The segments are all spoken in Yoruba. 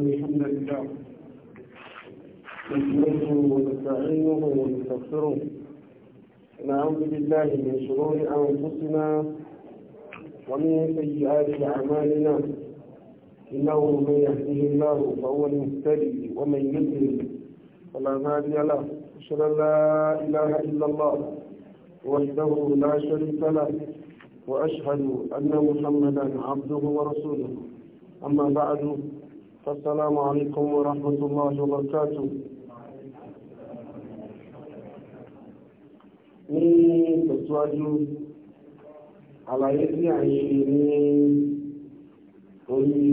الحمد لله نحمده ونستعينه ونستغفره ونعوذ بالله من شرور انفسنا ومن سيئات اعمالنا انه من يهده الله فهو المهتدي ومن يضلل فلا هادي له اشهد ان لا اله الا الله وحده لا شريك له واشهد ان محمدا عبده ورسوله اما بعد السلام عليكم ورحمة الله وبركاته ní tẹ̀síwájú àlàyé tí a ń ṣe ní orí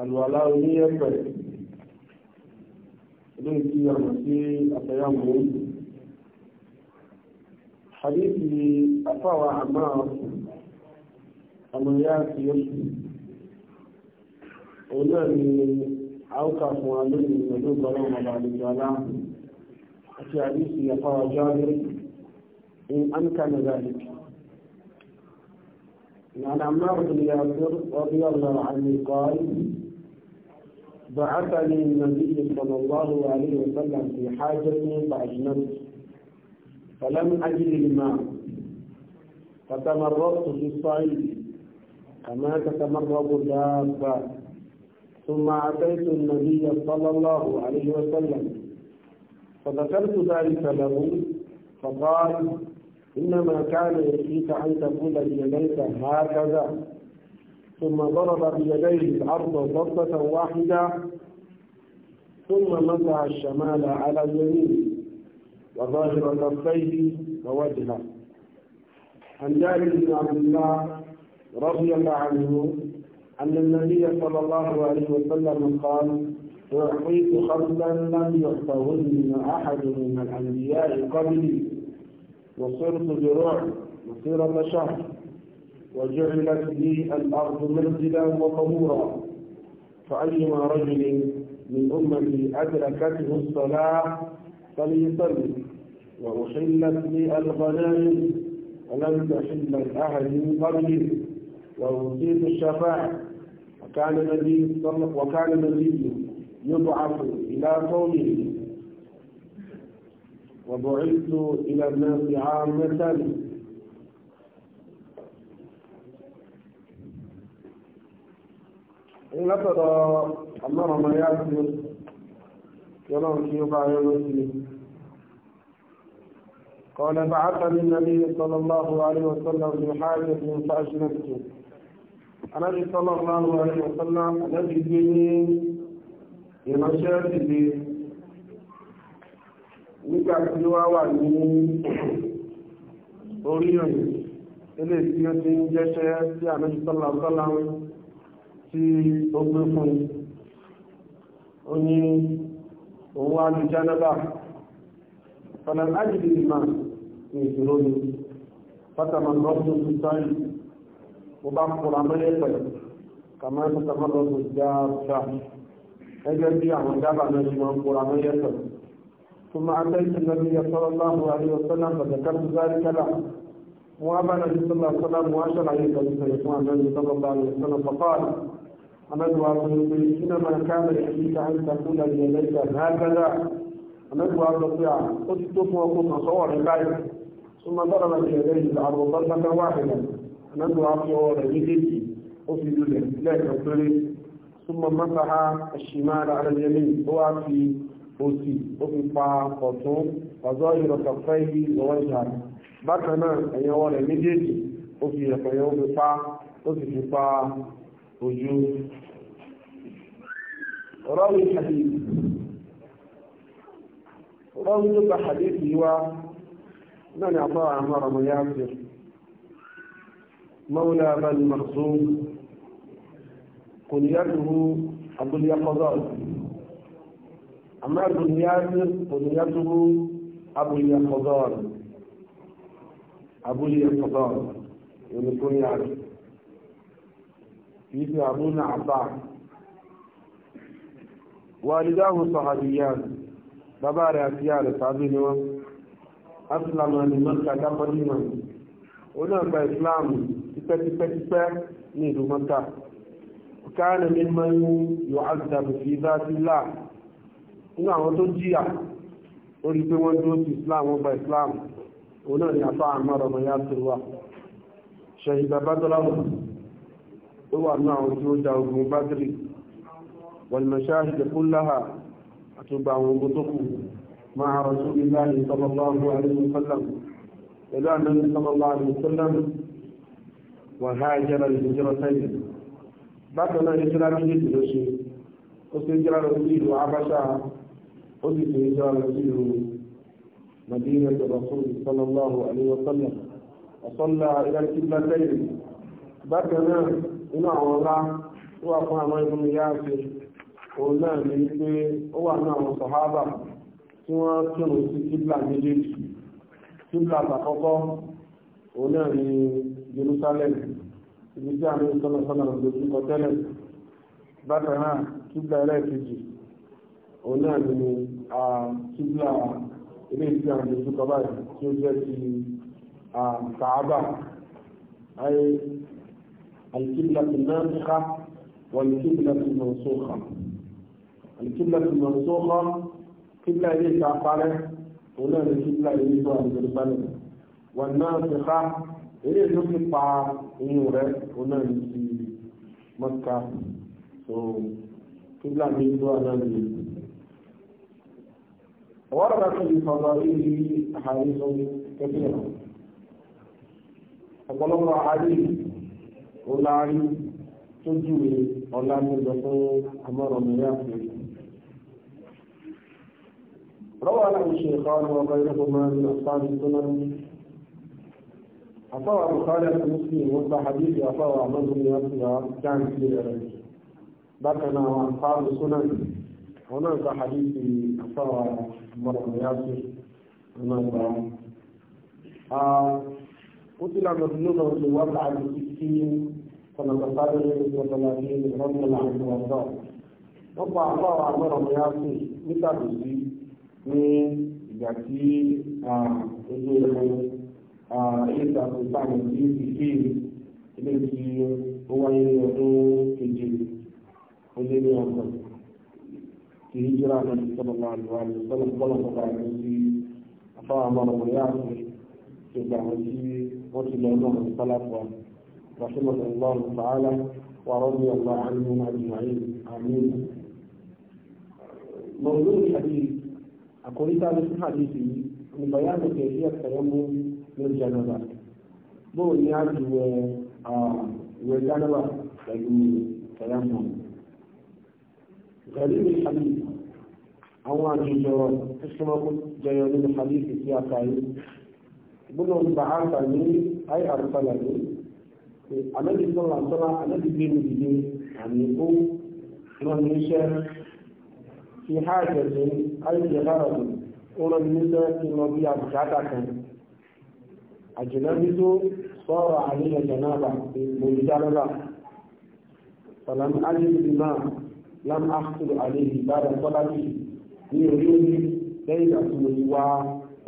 àlùwàlá orí ẹ̀pẹ̀ ilé tí a mọ̀ sí àtẹ̀yàmọ̀ hadithi afáwà àmà àmọ̀ ti yọ́sùn òun náà ni àwòkà fún wa lónìí pẹ̀lú ìgbọ́lọ́ ọmọba àlejò alá àti àdìsí àfáwà jáde in an kàn zàlẹ̀. عن عمار بن ياسر رضي الله عنه قال بعثني النبي صلى الله عليه وسلم في حاجة فأجنبت فلم أجد الماء فتمرضت في الصعيد كما تتمرض دابة ثم أتيت النبي صلى الله عليه وسلم فذكرت ذلك له فقال إنما كان يكفيك أن تقول بيديك هكذا ثم ضرب بيديه الأرض ضربة واحدة ثم مسح الشمال على اليمين وظاهر كفيه ووجهه عن جابر بن عبد الله رضي الله عنه أن النبي صلى الله عليه وسلم قال أعطيت خمسا لم يعطهن أحد من الأنبياء قبلي وصرت بروع مصيرة شهر وجعلت لي الأرض منزلا وطهورا فأيما رجل من أمتي أدركته الصلاة فليصلي وأحلت لي الغنائم ولم تحل لأحد من قبلي وأوتيت الشفاعة كان النبي صلى وكان النبي يبعث إلى قومه وبعثت إلى الناس عامة إن ترى أمر ما يأتي يرون يقع يوم قال بعثني النبي صلى الله عليه وسلم في حاجة فأجلبته anábì sọ́lọ́ láàrú ẹ̀rọ sọ́lá anábì gbé ní ìránṣẹ́ ìdílé nígbà tí ó wá wà ní orí ọ̀yìn ilé tí ó ti ń jẹ́ṣẹ́ sí anábì sọ́lá sọ́lá tí ó gbé fún un ó ní òun wá ní jánábà fọlá láti di ìmọ̀ ìṣòro ni pátámọ̀ lọ́sùn tó sáyé mo bá kóra mọ́lẹ̀ pẹ̀lú kàmá ní sàmọ́lọ́ tó dáadáa ẹgbẹ́ bí àwọn dábàá náà ṣe máa ń kóra mọ́lẹ̀ pẹ̀lú. ثم أتيت النبي صلى الله عليه وسلم فذكرت ذلك له وأبى النبي صلى الله عليه وسلم وأشر عليه فيقول النبي صلى الله عليه وسلم فقال أنا أقول إنما كان يحييك أن تقول ليليك هكذا أنا أقول أسكت وكن صور البيت ثم ضرب بيديه الأرض ضربة واحدة anábì wa fi ọwọ́ rẹ̀ méjèèjì ó fi lulẹ̀ lẹ́ẹ̀kan péré súnmọ́ mọ́sáhá ẹ̀ṣìmá ara yẹlé ó wá fi òsì ó fi pa ọ̀tún ọ̀zọ́ ìrọ̀tọ̀ fẹ́ ibi lọ́wọ́ ìjà bákan náà ẹ̀yìn ọwọ́ rẹ̀ méjèèjì ó fi ẹ̀pẹ̀ yẹn ó fi pa ó sì fi pa ojú rọ́wì hadith rọ́wì ló ka hadith yìí wá náà ni àbọ̀ àwọn ọmọ ya fi مولى من مرسوم كنيته أبو اليقظات أما كنيته كنيته أبو اليقظات أبو اليقظات يعني كنيته في أبونا عباس والداه صحابيان بابا رأسيان صحابينهم أسلم من مكة قديما onáàgbà ìsìláàmù tipẹ́tipẹ́tipẹ́ ní ìlú mọ́ta káàní ní mẹ́rin yóò àgbàbù fi bá sí láà nínú àwọn tó jìyà ó rí pé wọ́n dúró sí islam wọ́n gba islam òun náà ni afá àmọ́rọ̀ ọmọ ya tó wà ṣẹ̀yìn bàbá tó láwọ̀ ó wà ní àwọn tí ó ja ogun bádìrì wàlùmọ̀ṣáàṣì tẹ̀kú láhà àtúgbà àwọn ogun tó kù máa rọ̀ sóbi láàrin sallallahu alaihi wasallam pẹ̀lú ànábì sallallahu alaihi wasallam wà ha jẹ́ra ìjọba sẹ́yìn bákan náà ìjọba méjèèjì ló ṣe ó sì jẹ́ra lọ sí ìlú abáṣá ó sì sì jẹ́ra lọ sí ìlú مدينة الرسول صلى الله عليه وسلم وصلى إلى الكبلتين بكنا إلى الله وأقوى ما يكون ياسر òun náà ní pé ó wà ní àwọn sọ̀hábà tí wọ́n kírun sí kíblà méjèèjì kíbla àtàkọ́kọ́ òun náà ní Jerusalem ibi tí àwọn ìsọ́nàsọ́nà lójúkọ tẹ́lẹ̀ bákan náà kíbla ẹlẹ́ẹ̀kejì òun náà ní kíbla ilé tí àwọn lójúkọ báyìí tí ó jẹ́ ti Kaaba ayé alkíbla ti náà ń ká والكبلة المنسوخة الكبلة المنسوخة قبلة إليه تعقله òun náà ní kíkà èyí tó àti ìgbèrè bá lẹ̀ wọn náà ti ká èyí ló fi pa irun rẹ òun náà ní ti mọ́ká tó kíkà èyí tó àná ní ìlú. ورد في فضائله أحاديث كثيرة ọ̀pọ̀lọpọ̀ àárí ọ̀làrí tó júwe ọ̀làrí lọ fún amọ̀rọ̀ mìíràn fèrè روى له الشيخان وغيرهما من أصحاب السنن أصاب بخاري مسلم وفى حديث أصاب عمرو بن يسرى كان في الأرض بكنا وأصحاب السنن هناك حديث أصاب عمرو بن يسرى هناك قتل مظلوما في وضع الستين فنتصدر وثلاثين رجلا عن وضعه وضع الله عمرو بن يسرى مثل ní ìgbà tí ojú ẹ̀rọ ìtàkùn sáàmù tí ti fi ilé tí ó wáyé ní ọdún keje ó lé ní ọgbọ̀n tí hijira náà ti sọ̀rọ̀ máa lù wá ní sọ́nà bọ́lá bọ́lá ní sí afáwọn ọmọ ọmọ yá àti ìgbà àwọn tí wọ́n ti lọ náà ní sọ́lá fún wa. رحمه الله تعالى ورضي الله عنهم اجمعين امين موضوع الحديث àkórí tá a lè fún àdéhùn yìí ní bàyá mi kẹ̀ sí ẹ̀sẹ̀ mú lórí jẹnẹba bóò ní a ti wẹ ìwé jẹnẹba pẹ̀lú ẹ̀yà mọ̀. Gẹ̀rí mi ṣàlì àwọn àjùjọ tó súnmọ́ kó jẹyọ nínú àdéhùn sí àkàyé. Gbọ́dọ̀ bá a kà ní ayé àrùfàlà ní. Àlejò sọ̀rọ̀ àtọ́lá àlejò gbé mi dìde àmì ó rán iṣẹ́ fi há ìjẹ̀lẹ̀ ayélujára ọ̀dọ̀ ó rọ ní sẹ́ ti lọ bí àbùkátà kan àjùlọ́bí tó sọ̀rọ̀ àníyàn jẹ̀nàbà èèpo ìdálọ́lá sọ̀lám alẹ́bí máa lám áṣùlù àlẹ́bí ìbára tọ́lábì ní orí omi lẹ́yìn àtúnlò ìwà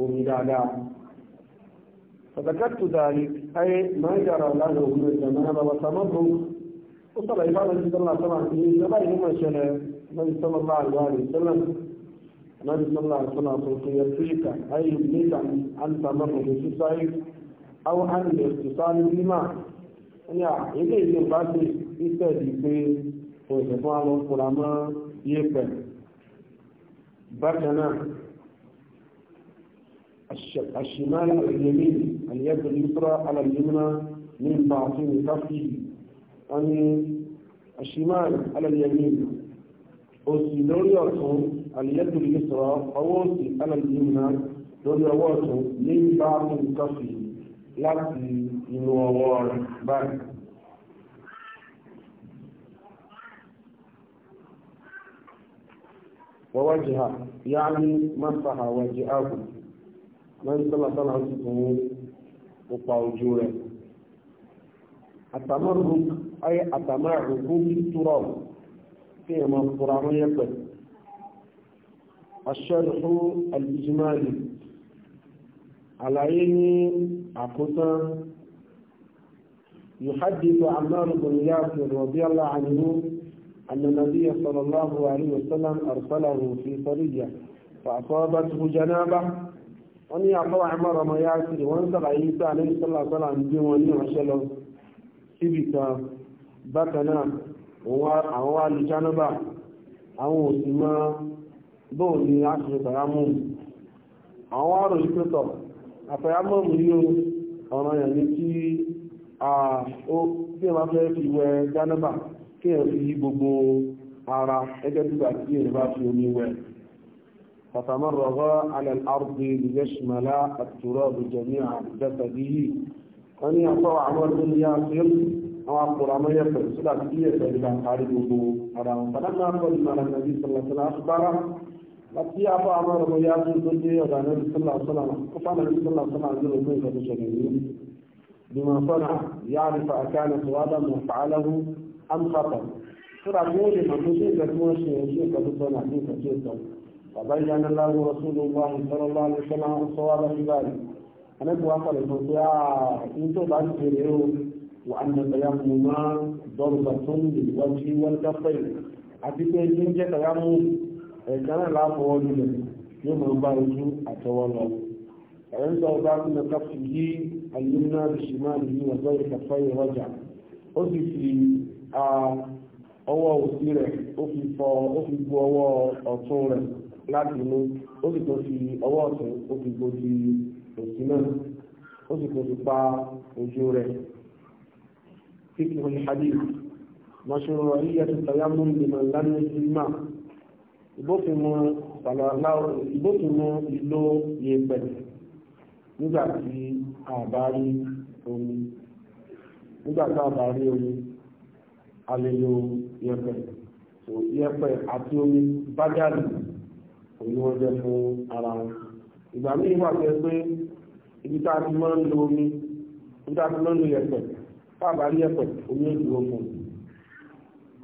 omi dáadáa فذكرت ذلك أي ما جرى له من الجنابة وتمضوا وصل إلى النبي صلى الله عليه وسلم إذا ما يهم النبي صلى الله عليه وسلم النبي صلى الله عليه وسلم يرفيك أي يبنيك عن أن تمر في أو عن الاتصال بما يا إذا يجب بعض إستاذيك ويجب على القرامة يبن بكنا الشمال اليمين اليد اليسرى على اليمنى من بعضين تفتي أن الشمال على اليمين òsì lórí ọ̀tún àlìyẹ́tò lè sọ̀rọ̀ ọwọ́ òsì alàlìyìnà lórí ọwọ́ ọ̀tún ní bá nǹkan fi láti inú ọwọ́ rẹ̀ báyìí. na يعني مسح وجهه من صلى الله عليه وسلم وقوجوره التمرك أي التمرك بالتراب kí ẹ máa fura mọ́ yẹpẹ̀ aṣọ́rùfú alìjímáàlì àlàyé ní àkótán يحدث عمار بن ياسر رضي الله عنه أن النبي صلى الله عليه وسلم أرسله في سرية فأصابته جنابة wọ́n ní àfọwọ́ àmọ́ràn ọmọ yára sí wọ́n ń sábà yí sí àlẹ́ ìṣọ́lá sọ́lá ń gbé wọn ní ìránṣẹ́ lọ síbì kan bákan náà àwọn wá lu jánúbà àwọn òsì mọ́ bóò ni a ṣe tàyámù àwọn wá rò wípé tọ̀ àtàyámù yóò ọ̀ràn yẹn ní kí ó kí ẹ bá fẹ́ fi wẹ jánúbà kí ẹ fi gbogbo ara ẹgẹ́ nígbà tí ẹ bá fi omi wẹ فتمرغ على الأرض ليشمل التراب جميع جسده أن يقع عمر بن ياسر àwọn akọ̀rọ̀ àwọn yẹ̀pẹ̀ sílá tí yẹ̀pẹ̀ nígbà kárí gbogbo ara wọn padà náà kọ́ ìmọ̀ ara nàbí sọ̀lọ̀sọ̀lọ̀ àṣùbára láti àbọ̀ àwọn ọmọ ya tó tó dé ọ̀dà nàbí sọ̀lọ̀sọ̀lọ̀ kó fà nàbí sọ̀lọ̀sọ̀lọ̀ àti ọmọ ìgbà tó ṣẹlẹ̀ yìí bímọ sọ́nà yá ni fa àkànnà tó wá dàmú fàálàhù amfàtà síra tí ó lè mọ̀ tó ṣe ìgbà tí wọ́n ṣe ẹ̀ṣẹ́ ìgbà tó sọ̀nà àti ìgbà tó sọ̀nà فبين وأن تيمما ضربة للوجه والكفين àti pé ní jẹ́ tàyámú ẹ̀ẹ̀kan náà láàfọwọ́ nílẹ̀ yóò mọ̀ bá ojú àtọwọ́ lọ ẹ̀yìn sọ bá kí na káfí yí àyínná bìṣì máa ní ọjọ́ ìkàfẹ́ ìrọjà ó sì fi ọwọ́ òsì rẹ̀ ó fi fọ ó fi gbo ọwọ́ ọ̀tún rẹ̀ láti inú ó sì tó فقه الحديث مشروعية التيمم لمن لم يجد ماء ìbófinmu sàlọ́láwò ìbófinmu ìlò yẹ̀pẹ̀ nígbà tí a bá rí omi nígbà tí a bá rí omi a lè lo yẹ̀pẹ̀ so yẹ̀pẹ̀ àti omi bájáde òní wọ́n jẹ́ fún ara wọn ìgbà míì wà pé pé ibi tá a ti máa ń lo omi ibi tá a ti máa ń lo yẹ̀pẹ̀ sábà rí ẹ̀pẹ̀ omi ìdúró fún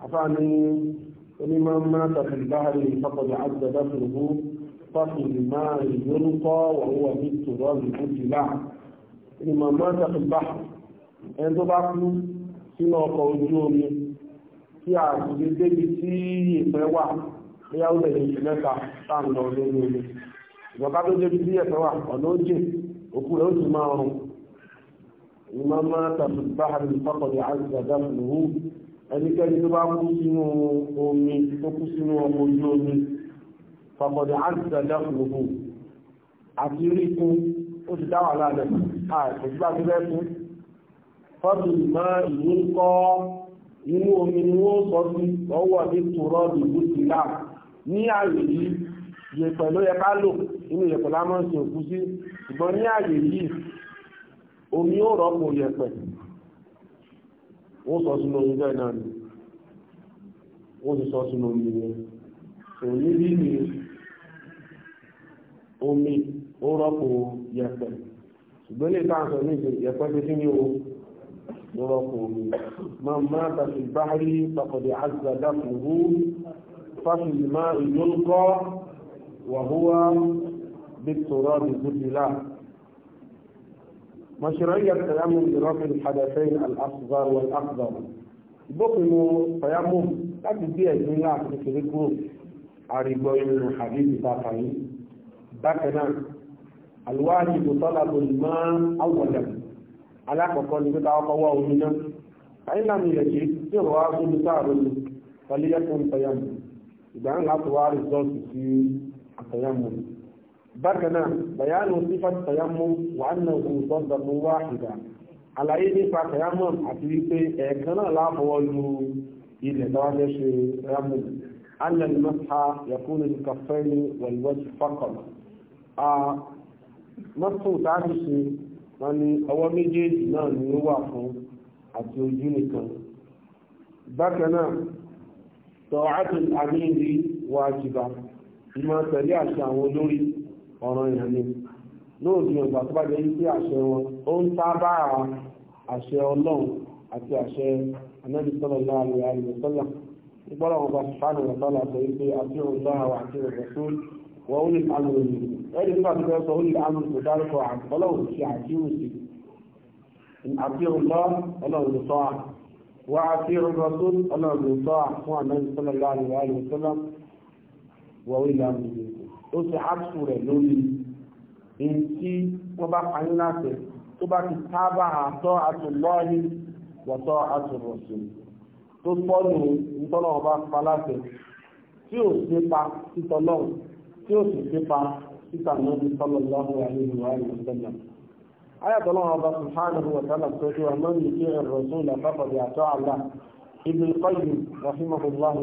afáàní onímọ̀ máa tàbí báàrí ìfapọ̀jà àgbẹ̀dá fòrògbó fáfi máa ìyónú kọ́ wà ní tòrọ ìlú jìlá onímọ̀ máa tàbí bá ẹni tó bá kú sínú ọkọ̀ ojú omi tí a kò lè débi tí wà ń lọ lórí omi tó débi tí wà ọ̀nà ó òkú rẹ̀ ó sì máa rùn ìmọ̀ máa tàbí báhàrí fọ́kọ̀dé àìsàdá lòwú ẹnikẹ́ni tó bá kú sínú omi tó kú sínú ọmọ ojú omi fọ́kọ̀dé àìsàdá lòwú àti rí kún ó ti dá wà láàrẹ̀ àìsàdá tó bẹ́ẹ̀ kún omi ó rọ́pò yẹ̀pẹ̀ wọ́n sọ sínú omi bẹ́ẹ̀ náà ni wọ́n ti sọ sínú omi yẹn òní bí ni omi ó rọ́pò yẹ̀pẹ̀ ṣùgbọ́n lè tàà sọ ní yẹ̀pẹ̀ ti kí ni o ó rọ́pò omi máa máa tàfi báárí pàkọ̀dé àgbàdá fòrú fásitì máa ìlú ń kọ́ wàhúwá bí tòrọ́ bí gúdìlá مشروعية التيمم لرفع الحدثين الأصغر والأكبر بقنوا تيمم láti gbé ẹ̀sìn ńlá àti kékeré kúrò àrígbọ́ inú àdébì bàtà yìí bákan náà àlùwáàjì tó tọ́lá tó lè máa àwọ̀dà alákọ̀ọ́kọ́ ní pé táwọn kọ́wọ́ omi náà káyín náà mi lẹ̀ṣẹ̀ tí ò wá sóbi sáàrò ní pẹ̀lú yẹ́kùn tẹ̀yàmù ìgbà ńlá tó wá rìsọ́ọ̀tì sí àtẹ̀yàmù bákanáà bayanu sífà tayamu wà ánàkù sọ́dọ̀tún wáhìdà àlàyé nípa tayamu àti wípé ẹ̀ẹ̀kan náà láàfọwọ́ lu ilẹ̀ tọ́wọ́fẹ́ ṣe ramu anna al-masha yakunu al-kaffaini wal wajh faqat a masu tàbí ṣe wọn ni ọwọ́ méjèèjì náà ni ó wà fún àti ojú nìkan bákanáà tọ́wọ́ àti àmì ìrí wájibà ìmọ̀ tẹ̀lé àṣà àwọn olórí ọ̀rọ̀ èèyàn ni lóòdì ọgbà tó bá jẹ́ wípé àṣẹ wọn ó ń sábà àṣẹ ọlọ́run àti àṣẹ anábì sọ́lọ̀ náà lè àlè sọ́lá nígbọ́lá wọn bá sùpánù wọn sọ́lá sọ wípé àti òun náà wà àti òun tó wọ́n ó lè àmì òní ẹni nígbà tó fẹ́ sọ ó lè àmì kò fún anábì sọ́lọ̀ náà lè àlè sọ́lá ó se ápsù rẹ̀ lórí èyí tí wọ́n bá pa yín láti tó bá ti tábà àtọ́ àtúnlọ́ọ̀hí wọ̀tọ́ àtúnrọ̀sì tó ọba pa tí ò ṣe pa títọ́ tí ò sì ṣe pa títà ayàtọ̀ náà ọba tó rahimahullahu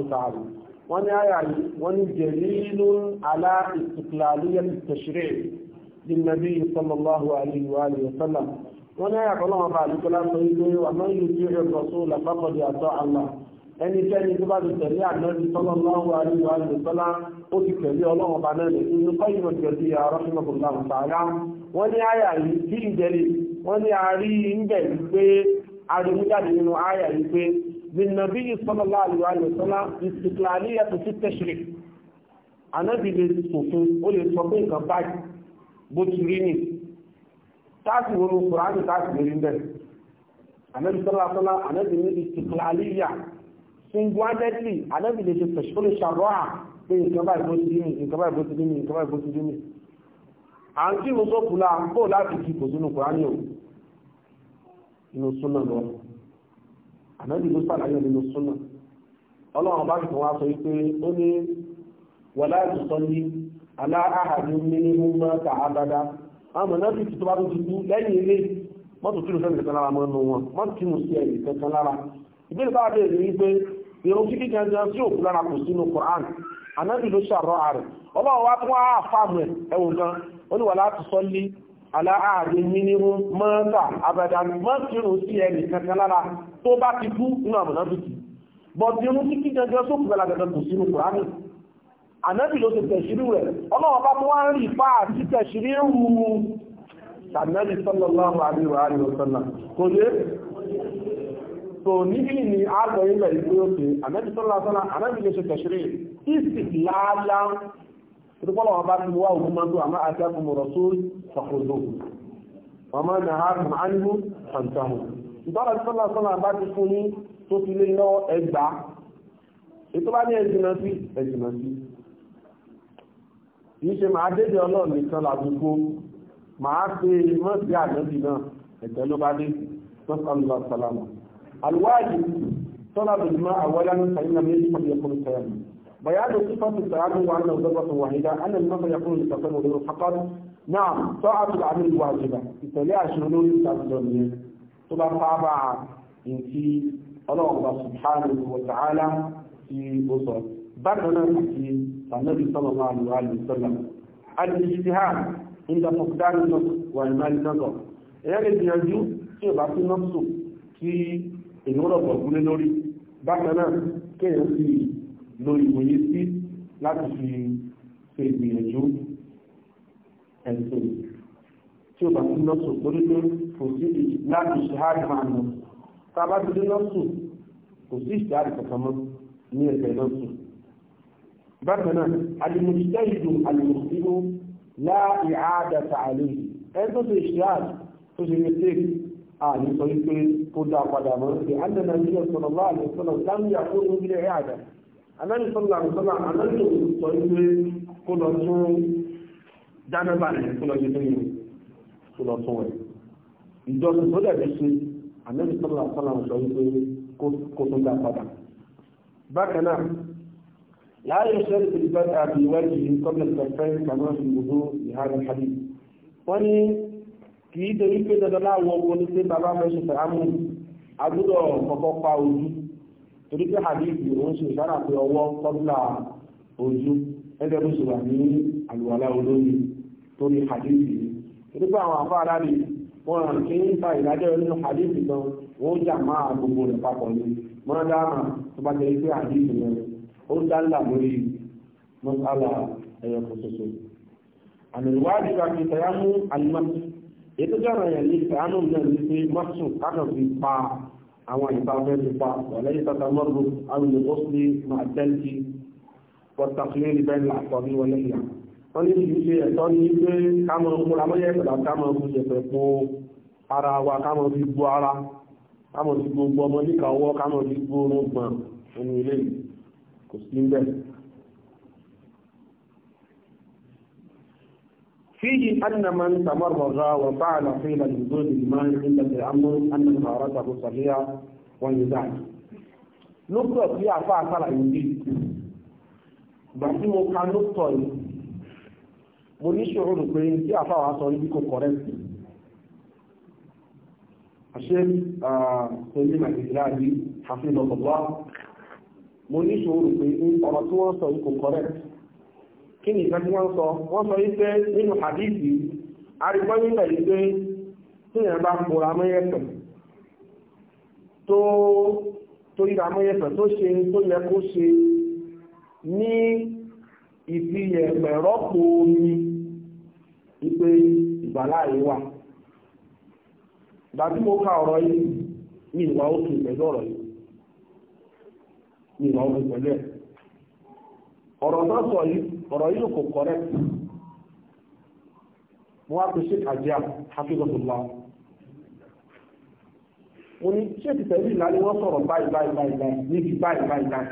wọ́n ní àyà yìí wọ́n ní jẹ̀lílù alá ìsìkìlàlúyẹ̀ tẹ̀ṣirẹ̀ bí nàbí sallallahu alayhi wa sallam wọ́n ní àyà kọ́lọ́wọ́n bá àdúgbòlá sọ wípé wà máa ń yóò tí rẹ̀ rọ̀sùn làpapọ̀dé àtọ́ àlà ẹni tẹ́ni tó bá ti tẹ̀lé ànábi sallallahu alayhi wa sallam ó ti tẹ̀lé ọlọ́wọ́n bá náà lẹ́yìn inú kọ́ ìmọ̀ jẹ̀bi àárọ̀ fún ọkùnrin àwọn sàárá wọ́n ní àyà yìí bí ìjẹ́lẹ̀ wọ́n ní àárí ń bẹ̀ wípé arimujáde nínú àyà yìí pé للنبي صلى الله عليه وسلم استقلالية في التشريع ànábì lè sòfin ó lè sọ pé nǹkan báyìí bó ti rí ni táàsì wọnú kùránì táàsì lè rí bẹ́ẹ̀ ànábì sọ́lá sọ́lá ànábì ní ìsìkìláàlìyà singuadẹ́tì ànábì lè ṣe tẹ̀sí ó lè ṣàrọ́ à pé nǹkan báyìí bó ti rí ni nǹkan báyìí bó ti rí ni nǹkan báyìí ni. à ń kí mo sọ́kùnlá bó láti fi kò sínú kùránì o ànábì ló sàlàyé nínú súnà ọlọ́run bá tún wá sọ wípé ó ní wọlá ìtọ́lí aláàhàdì mímú mmiri abada àmọ́ náà na tuntun bá tún ti kú lẹ́yìn ilé mọ́tò kí ló sẹ́ni lára wọn mọ́tò kí sí ẹ̀yìn kankan lára bá bẹ̀rẹ̀ ní wípé lára kò sínú Qur'an ló ṣàrọ̀ àrẹ̀ ọlọ́run wá wá ẹ̀ aláàrí mínírú mọ́ta àbẹ̀dà mọ́sírùn sí ẹni kankan lára tó bá ti kú inú àmọ̀nà bìtì bọ̀dì irun kíkí jẹjẹ sókù gbẹ̀lá dandan kò sínú kùránì ànábì ló ti tẹ̀sírí rẹ̀ ọlọ́wọ́ bá mú wá ń rí pa àti tẹ̀sírí rú sànẹ́lì sallallahu alaihi wa alihi wa sallam kò yé so níbi ni a sọ ilẹ̀ ìgbé òkè ànábì sallallahu alaihi wa sallam ànábì ló ti tẹ̀sírí ìsìláàlá tọ́lọ́ wọn bá ti wá òkú máa tó àmá àti àkùnmọ̀rọ̀ sórí fàkòzò wọn máa nà á kùn ánìmú fàǹtàmù ìtọ́lá tí sọ́lá sọ́lá bá ti fún ní tó fi lé lọ́wọ́ ẹgbà ètò bá ní ẹjìnà sí ẹjìnà sí kì í ṣe máa dédé ọlọ́run nìkan làdúgbò máa pe mọ́sí àjọ́bì náà ẹ̀tẹ́ ló bá dé sọ́sọ́lá sọ́lá àlùwáàdì بيان صفة التعامل وأنه ضربة واحدة أن المرء يكون للتصرف غير فقط نعم طاعة العمل الواجبة إتلاع شمول التعامل تبقى طابعة إن في الله سبحانه وتعالى في أسر بدنا في النبي صلى الله عليه وسلم الاجتهاد عند فقدان النص وإيمان النظر يعني بيجو tí ìbá sí nọ́ọ̀sù kí ènìyàn rọ̀bọ̀ gúnlé lórí bákan lo ìwòye sí láti fi ṣe ìgbìyànjú ẹ̀sùn tí ó bá sí lọ́sùn torí pé kò sí láti ṣe àdìmọ̀ àná tá a bá ti dé lọ́sùn kò sí ìṣe àdìmọ̀ kan mọ́ ní ẹ̀sẹ̀ lọ́sùn bákan náà alìmọ̀ṣẹ́ ìlú alìmọ̀ṣẹ́ láì àádọ́ta àlejò ẹni tó ṣe ìṣe àdì tó ṣe mistake àní sọ wípé kó dá padà mọ́ ṣe alẹ́ nàìjíríà sọ̀rọ̀ láàrin sọ̀rọ̀ láàrin àkóyún ilé anáni sọ́lá àmìsọ́lá anáni tó sọ ilé kó lọ tún jánẹ́bà rẹ̀ kó lọ yẹtẹ́ yìí kó lọ tún rẹ̀ ìjọsìn tó dẹ̀bi ṣe anáni sọ́lá àmìsọ́lá sọ ilé kó tún dá padà bákan náà láàyè ìṣẹ́lẹ̀ tó gbá tàbí ìwádìí yìí kọ́mẹ̀ kẹfẹ́ kàmọ́ fi gbogbo ìhàrí hàbí wọ́n ní kì í torí pé dandan láwọn ọkọ̀ ní pé bàbá fẹ́ ṣe fẹ́ àmú àbúrò kọ̀kọ́ pa ojú torí pé àdéhùn òun ṣe ìṣára pé ọwọ́ kọ́bílà ojú ẹgbẹ́ bó ṣe wà ní àlùwàlá olómi torí àdéhùn yìí torí pé àwọn àfáà láre wọn ràn kí ń fa ìdájọ́ nínú àdéhùn gan wọn ó jà máa gbogbo rẹ̀ papọ̀ ni wọn dáhà tó bá jẹ́ pé àdéhùn rẹ̀ ó dáńlà lórí mọ́sálà ẹ̀yọ̀ kò ṣoṣo àmì ìwádìí wa fi tẹ̀yámú alimọ́sí ètò jọ̀rọ̀ àwọn ìfàfẹ́ nípa wọ̀lẹ́yìn tàtàmọ́rù àrùn òsì máa tẹ́lì pọ̀tàkùnrin níbẹ̀ ní àtọ́rí wọlẹ́yìn wọ́n ní ìlú ṣe ẹ̀tọ́ ní pé kámọ̀ múra mọ́yẹ́ ìpẹ̀lá kámọ̀ fún ṣẹ̀fẹ̀ po ara wa kámọ̀ fi gbó ara kámọ̀ fi gbogbo ọmọ níkà ọwọ́ fi gbó orun gbọ̀n ilé kò sí ń فيه أن من تمرغ وفعل حين نزول الماء عند التأمل أن طهارته صحيحة ويزعج. نقطة في عفاء صلع يجيب. بàtí mo ka lóòótọ́ yìí mo ní ṣòro pé tí àfáwà sọ ibi kò kọ̀rẹ́tì àṣẹ pẹ̀lú màgìdìláàbí àfihàn ọ̀gbọ́n mo ní ṣòro pé ọ̀rọ̀ tí wọ́n sọ ibi kò kọ̀rẹ́tì kí ni ìkan tí wọ́n sọ wọ́n sọ wípé nínú hadithi arìkọ́ nígbà tí èèyàn bá pòrà mọ́yẹ̀pẹ̀ tó tó yíra tó ṣe tó yẹ kó ṣe ní ìfiyẹ̀pẹ̀ omi ìpè ìgbàláyé wà ìgbà tí mo ka ọ̀rọ̀ yìí ní ìwà òkè pẹ̀lú ọ̀rọ̀ yìí ní ìwà òkè pẹ̀lú ẹ̀ ọ̀rọ̀ tó yìí ọ̀rọ̀ yìí kò kọ̀rẹ́ mo wá pe ṣe kàjíà hafizatullah mo ní ṣé ti tẹ̀lé ìlànà wọn sọ̀rọ̀ báyìí báyìí báyìí báyìí níbi báyìí báyìí báyìí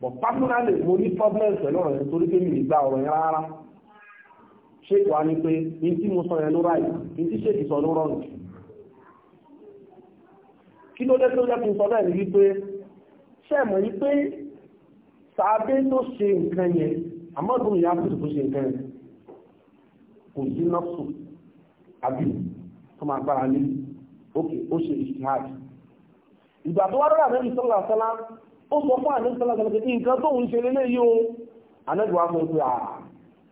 bọ̀ pápúnálè mo ní problems pẹ̀lú ọ̀rọ̀ yẹn torí pé mi ìgbà ọ̀rọ̀ yẹn rárá ṣé wàá ní pé ní tí mo sọ yẹn ló ráì ní tí ṣé ti sọ ló rọrùn kí ló dé tó jẹ́ kí n sọ bẹ́ẹ̀ ni wípé ṣé mọ̀ yí pé sàábé tó ṣe nǹkan yẹn àmọ́ tó yà ápùsù tó ṣe nǹkan kò sí nọ́ọ̀sù àbí tó máa gbára lé òkè ó ṣe ìṣìhàdì ìgbà tó wá rọ́rà mẹ́rin sọ́lá sọ́lá ó sọ fún àná sọ́lá sọ́lá pé nǹkan tó ń ṣe lélẹ́ yìí o ànágbà wá fún pé à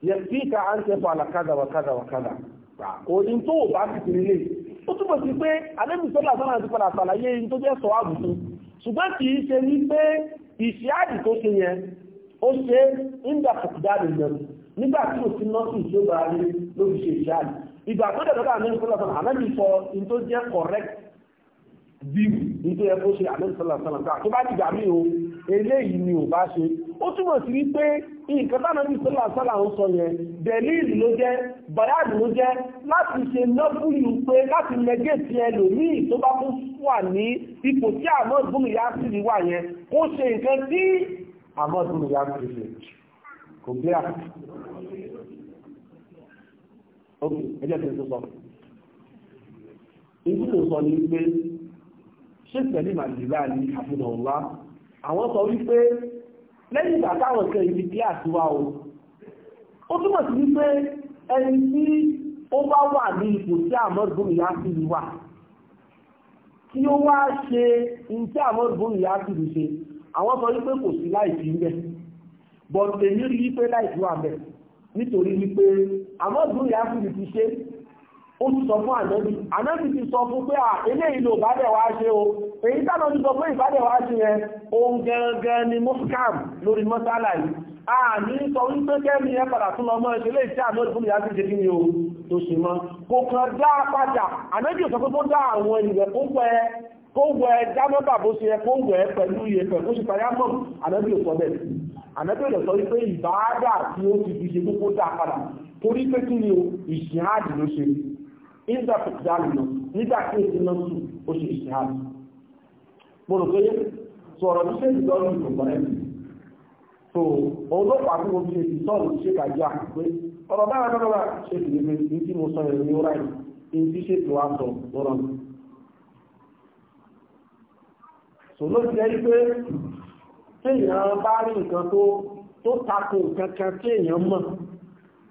yẹ kí ká à ń tẹ́fọ́ àlàkádà wàkádà wàkádà òní tó ò bá ti ti lélẹ̀ ó túbọ̀ sí pé ànágbà sọ́lá sọ́lá ti padà sàlàyé yìí tó jẹ́ sọ àbùkù ṣùgbọ́n kì í ṣe ní pé ìṣìhàdì tó ṣe yẹn ó ṣe nígbà tó ti dáàbò lọ nígbà tí kò sí nọ́ọ̀sì tí ó bá rí ló fi ṣe ìṣáàlì ìgbà tó dẹ̀ lọ́dọ̀ àmì sọ́lá sọ́lá àmì sọ in tó jẹ́ correct view in tó yẹ kó ṣe àmì sọ́lá sọ́lá sọ́lá tó bá ti gbà mí o eléyìí ni ò bá ṣe ó túmọ̀ sí wípé nǹkan táwọn àmì sọ́lá sọ́lá ń sọ yẹn delil ló jẹ́ bayad ló jẹ́ láti ṣe nọ́bùlù pé láti nẹgẹ́tì ẹlòmíì tó bá tún wà ní ipò tí àmọ́ ìgbóhùn yá sí wà yẹn kó ṣe nǹkan àmọ́ tí mo yá privilege ok ẹjẹ́ tí ó sọ ìdí tó sọ ní pé ṣé pẹ̀lú màjìlá ní àfihàn ńlá àwọn sọ wípé lẹ́yìn ìgbà táwọn kẹ́ ibi clear sí wa o ó túmọ̀ sí wípé ẹni tí ó bá wà ní ipò tí àmọ́ ìgbóhùn yá sí wà tí ó wá ṣe ní tí àmọ́ ìgbóhùn ṣe àwọn sọ wípé kò sí láìsí ń bẹ bọ̀dé ní rí pé láìsí wà bẹ nítorí wípé àmọ́dún ìyá fìdí ti ṣe ó ti sọ fún ànábì ànábì ti sọ fún pé eléyìí ló bàdẹ̀ wá ṣe o èyí táwọn ti sọ pé ìbàdẹ̀ wá ṣe yẹn ohun gangan ni moscam lórí mọ́sálà yìí àmì sọ wípé kẹ́mi yẹn padà tún lọ mọ́ ẹ̀ṣẹ́ lè tí ànábì fún ìyá fìdí kí ni o tó ṣe mọ́ kò kàn dá padà ànábì sọ pé kó dá àwọn ìwẹ̀ kó pẹ́ kó wẹ jámọ́bà bó ṣe yẹ kó wẹ pẹ̀lú iye pẹ̀lú ṣe parí àmọ́ ànábì ò sọ bẹ́ẹ̀ ànábì ò sọ wípé ìbáàdà tí ó ti fi ṣe kókó dá padà torí pé kí ni o ìṣìhádì ló ṣe nígbà tó dá lọ nígbà tí èsì náà sùn ó ṣe ìṣìhádì mo rò pé sọ̀rọ̀ tó ṣe ìdọ́rù ìrọ̀pọ̀ rẹ̀ so òun ló fà fún omi èsì ṣe kàjú àpè ọ̀rọ̀ báyọ̀ náà ṣe kìí sòló jẹ́ pé téèyàn bá rí nǹkan tó tó tako nǹkan kan téèyàn mọ̀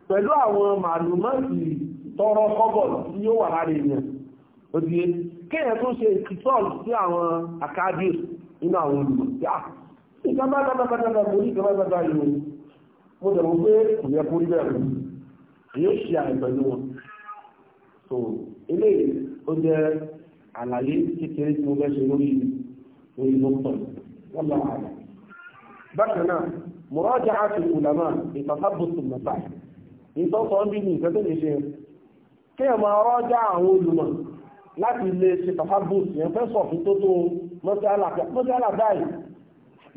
pẹ̀lú àwọn màlúmọ́ọ̀sì tọrọ kọ́bọ̀ tí yóò wà lára èèyàn òdìye kéèyàn tó ṣe ìkìtọ́ọ̀lù sí àwọn àkáàdìr nínú àwọn olùmọ̀ sí à nǹkan bá dábàbàdàbà mo ní nǹkan bá dábàbà yìí mo dẹ̀ mo pé kò yẹ kó rí bẹ́ẹ̀ yóò ṣe àmì pẹ̀lú wọn so eléyìí ó jẹ́ kékeré tí mo fẹ́ ṣe lórí orí ló pọ̀ wọ́n lọ àyà. bákan náà mọ̀rọ́jà á ti kùlàmà ìfàfàbùsùn mọ̀tà ìtọ́sọ̀ ń bí ní ìfẹ́ tó lè ṣe kí ẹ̀ máa rọ́jà àwọn olùmọ̀ láti lè ṣe fàfàbùsùn yẹn fẹ́ sọ̀fún tó tó mọ́sálà báyìí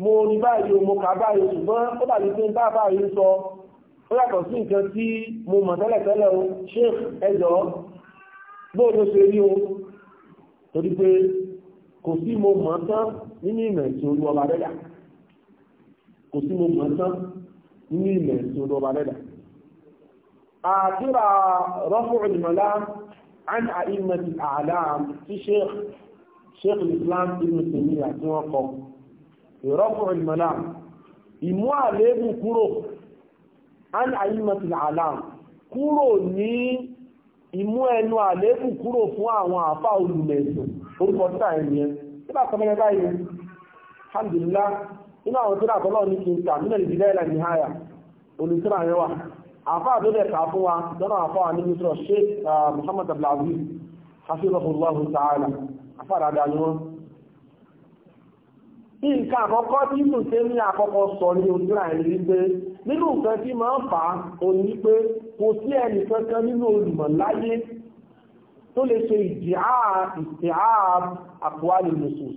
mo rí báyìí o mo kà báyìí ṣùgbọ́n ó dàbí pé ń bá báyìí sọ ó yàtọ̀ sí nǹkan tí mo mọ̀ tẹ́lẹ̀tẹ́lẹ̀ o ṣé ẹjọ́ bóòdó ṣe rí o torí pé kò sí mo mọ̀ tán nínú ìmọ̀ ẹ̀sìn olú ọba dẹ́dà kò sí mo mọ̀ tán nínú ìmọ̀ ẹ̀sìn olú ọba dẹ́dà. àdúrà rọ́fù ìmọ̀lá an àìmọ̀tì àdáàm tí sheikh sheikh islam ibn tèmíyà tí wọ́n kọ ìrọ́fù ìmọ̀lá ìmú àléébù kúrò an àìmọ̀tì àdáàm kúrò ní ìmú ẹnu àléébù kúrò fún àwọn àfà olùmẹ̀sìn orúkọ tí àyè yẹn nígbà tó mẹ́rin báyìí alhamdulillah nínú àwọn tó dàtọ́ náà ní kí n ta nínú ìdílé ìlà ní àyà olùsíra yẹn wà àfa àdóde ẹ̀ka fún wa lọ́nà àfa wa ní mísọ sheikh uh, muhammad abdulaziz hafizahullahu ta'ala àfa àdáadáa ni wọ́n nǹkan àkọ́kọ́ tí mò ń ṣe ní àkọ́kọ́ sọ ní ojúra ẹ̀rí wípé nínú nǹkan tí máa ń fà á òní pé kò sí ẹnì kankan nínú olùmọ̀ láyé tó lè ṣe ìdíhá ìdíhá àpòwálì lòsùs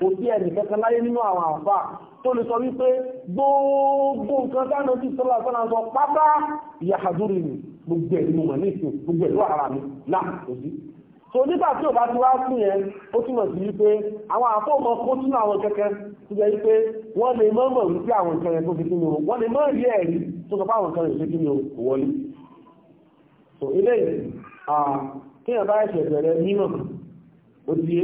kò sí ẹnì kankan láyé nínú àwọn àfà tó lè sọ wípé gbogbo nǹkan sáànà tí sọlá sọlá sọ pátá ìyàhàdúrì ni gbogbo ẹ̀ mo mọ̀ ní ìsìn gbogbo ẹ̀ ló ara mi láà kò sí so nígbà tí ò bá ti wá sí yẹn ó túmọ̀ sí wípé àwọn àfọ̀ ọmọ kó sínú àwọn kẹ̀kẹ́ tó jẹ́ wípé wọ́n lè mọ̀ mọ̀ wípé àwọn nǹkan yẹn tó fi kí ni o wọ́n lè mọ̀ rí ẹ̀rí tó sọ pé àwọn nǹkan yẹn tó fi kí ni o wọlé so ilé kíyàn bá ẹ̀ṣẹ̀ bẹ̀rẹ̀ mímọ̀ ó ti yé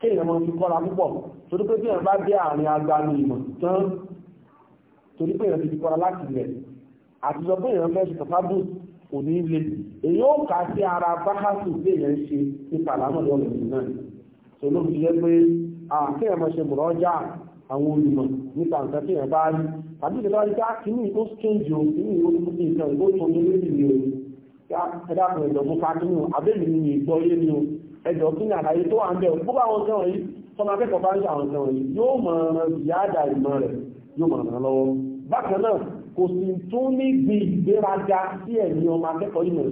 kíyàn mọ́ ti kọ́ra púpọ̀ torí pé kíyàn bá dé àárín agbami ìmọ̀ tán torí pé èèyàn ti fi kọ́ra láti rẹ̀ àti sọ pé èèyàn fẹ́ ṣe tọ́fábù kò ní le èyí ó kà sí ara bákàtù tí èèyàn ṣe nípa àlámọ̀ lọ́nà ìlú náà so ló fi yẹ pé kíyàn mọ́ ṣe mọ̀rọ̀ ọjà àwọn olùmọ̀ nípa nǹkan kíyàn bá rí tàbí ìdílọ́rí ká kíní ó strange o kíní ó tún ní nǹkan ìgbó tó ní lórí ìlú ẹ̀dàkùn ẹ̀dọ̀ mú fàtínú àbẹ́lì ní ni ẹ̀dọ̀ kí ní àlàyé tó wà ń bẹ̀ gbogbo àwọn ọ̀sẹ̀ wọ̀nyí tọ́mọ akẹ́kọ̀ọ́ bá ń ṣe àwọn ọ̀sẹ̀ yóò mọ̀ ìyáàdà ìmọ̀ rẹ̀ yóò mọ̀ ọ̀ràn lọ́wọ́ bákan náà kò sì tún ní gbin ìgbéraga sí ẹ̀mí ọmọ akẹ́kọ̀ọ́ ìmọ̀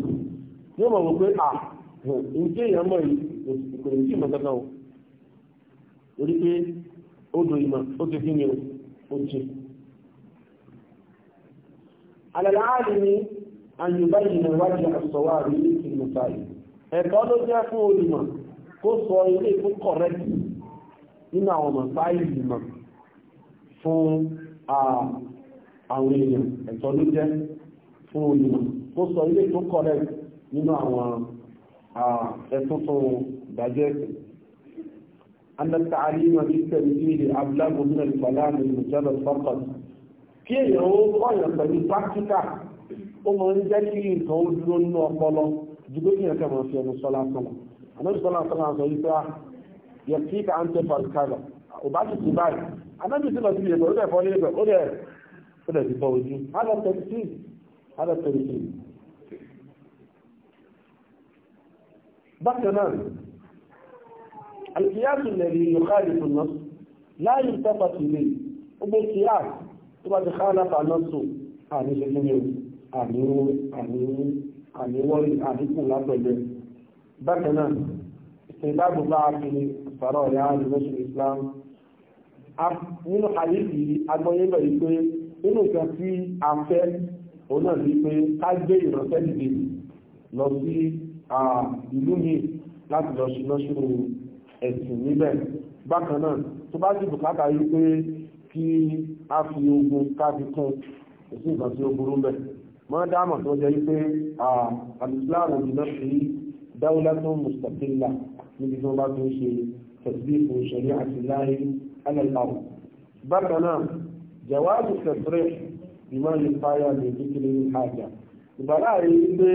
àyùbá ìrìnà wájú àṣọwà rí ní mùsáì ẹ̀kọ́ ló jẹ́ fún olùmọ̀ kó sọ ilé tó kọ̀rẹ́tì nínú àwọn mùsáì ìmọ̀ fún àwọn èèyàn ẹ̀tọ́ ló jẹ́ fún olùmọ̀ kó sọ ilé tó kọ̀rẹ́tì nínú àwọn ẹ̀tún tó dájẹ́ أن التعليم بالتنزيل أبلغ من الكلام المجرد فقط. كي هو قال في ó mọ ń jẹ́ kí nǹkan ó dúró nínú ọpọlọ ju pé kí nǹkan mọ̀ fi ẹnu sọ́lá sọ́lá ànábì sọ́lá sọ́lá sọ yìí pé a yẹ kí ká ń tẹ́ pàlùkàlà ò bá ti ti báyìí ànábì sí lọ sí ilẹ̀ ó dẹ̀ fọ́ nílẹ̀ ó dẹ̀ ó dẹ̀ ti bọ́ ojú hádà tẹ̀lé sí hádà tẹ̀lé sí. bákan náà alkiyasi lẹ́rí yọ̀káàdì fún náà láàyè tẹ́pàtì lè ó gbé kíyàs tó bá ti ká lápá náà sùn àníṣe nínú àní àní àní wọ́n àdínkù lápẹ̀lẹ̀ bákan náà ìsìnkáàbù bá a fi sọ̀rọ̀ ọ̀rẹ́ àdúgbòsù Islam nínú àyíkì agbọ́yé lọ wípé nínú nǹkan tí a fẹ́ òun náà ní pé ká gbé ìrànṣẹ́ dìde lọ sí ìlú mi láti lọ sí lọ́sùrù ẹ̀sìn níbẹ̀ bákan náà tó bá sì bùkátà wípé kí a fi ogun ká fi kún òsì ìgbà tí ó burú mẹ́rin máa dáàmà tó jẹ́ pé alìsíláàmù ní náà sí dáúlá tó mùsùlùmílà níbi tó bá tún ṣe tẹ̀sífù ṣẹ̀rí àti láàyè alẹ́láwù. bákan náà jẹ̀wáàbù tẹ̀sírẹ̀ ìmọ̀ lè fáyà lè kékeré ní àjà. ìgbàlá rẹ̀ yí pé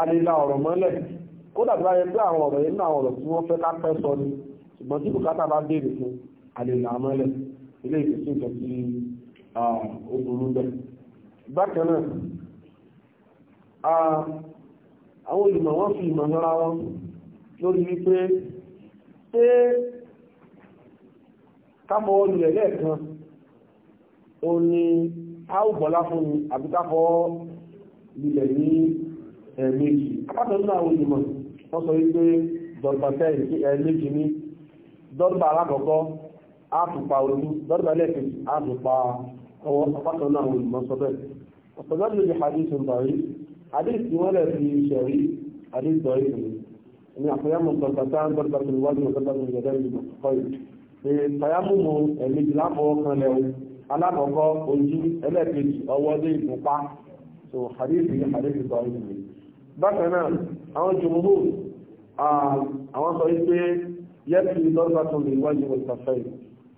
alìlà ọ̀rọ̀ mọ́lẹ̀ kódà bí wáyé pé àwọn ọ̀rọ̀ àwọn olùmọ̀ wọ́n fi ìmọ̀ lọ́ra wọn lórí wípé pé kámọ́ olùrẹ̀ lẹ́ẹ̀kan o ni a ó bọ́lá fún ni àbíkáfọ́ ilẹ̀ ní ẹ̀ẹ̀mejì apákan náà àwọn olùmọ̀ wọ́n sọ wípé dọ́rùbà tẹ́ẹ̀kì ẹ̀ẹ̀mejì ní dọ́rùbà alákọ̀ọ́kọ́ àtùpà olú dọ́rùbà lẹ́ẹ̀kejì àtùpà ọwọ́ apákan náà àwọn olùmọ̀ sọ bẹ́ẹ̀ ọ̀pọ̀lọpọ̀ àdéhùn tí wọ́n lè fi ṣẹ̀rí àdéhùn tó rí nìyí ní àfẹ́yàmù tọ̀tàtà ń tọ́ta tó wájú ọ̀tọ́ta tó yẹ lẹ́yìn ìgbàkọ́yì ìfẹ́yàmù mu ẹ̀mejì láfọwọ́ kan lẹ́wọ́ alákọ̀ọ́kọ́ ojú ẹlẹ́ẹ̀kejì ọwọ́ dé ìfúnpá tó àdéhùn àdéhùn tó rí nìyí. bákan náà àwọn jùmùhù àwọn sọ pé yẹ́tì lọ́gbà tó lè wájú ọ̀tọ̀fẹ́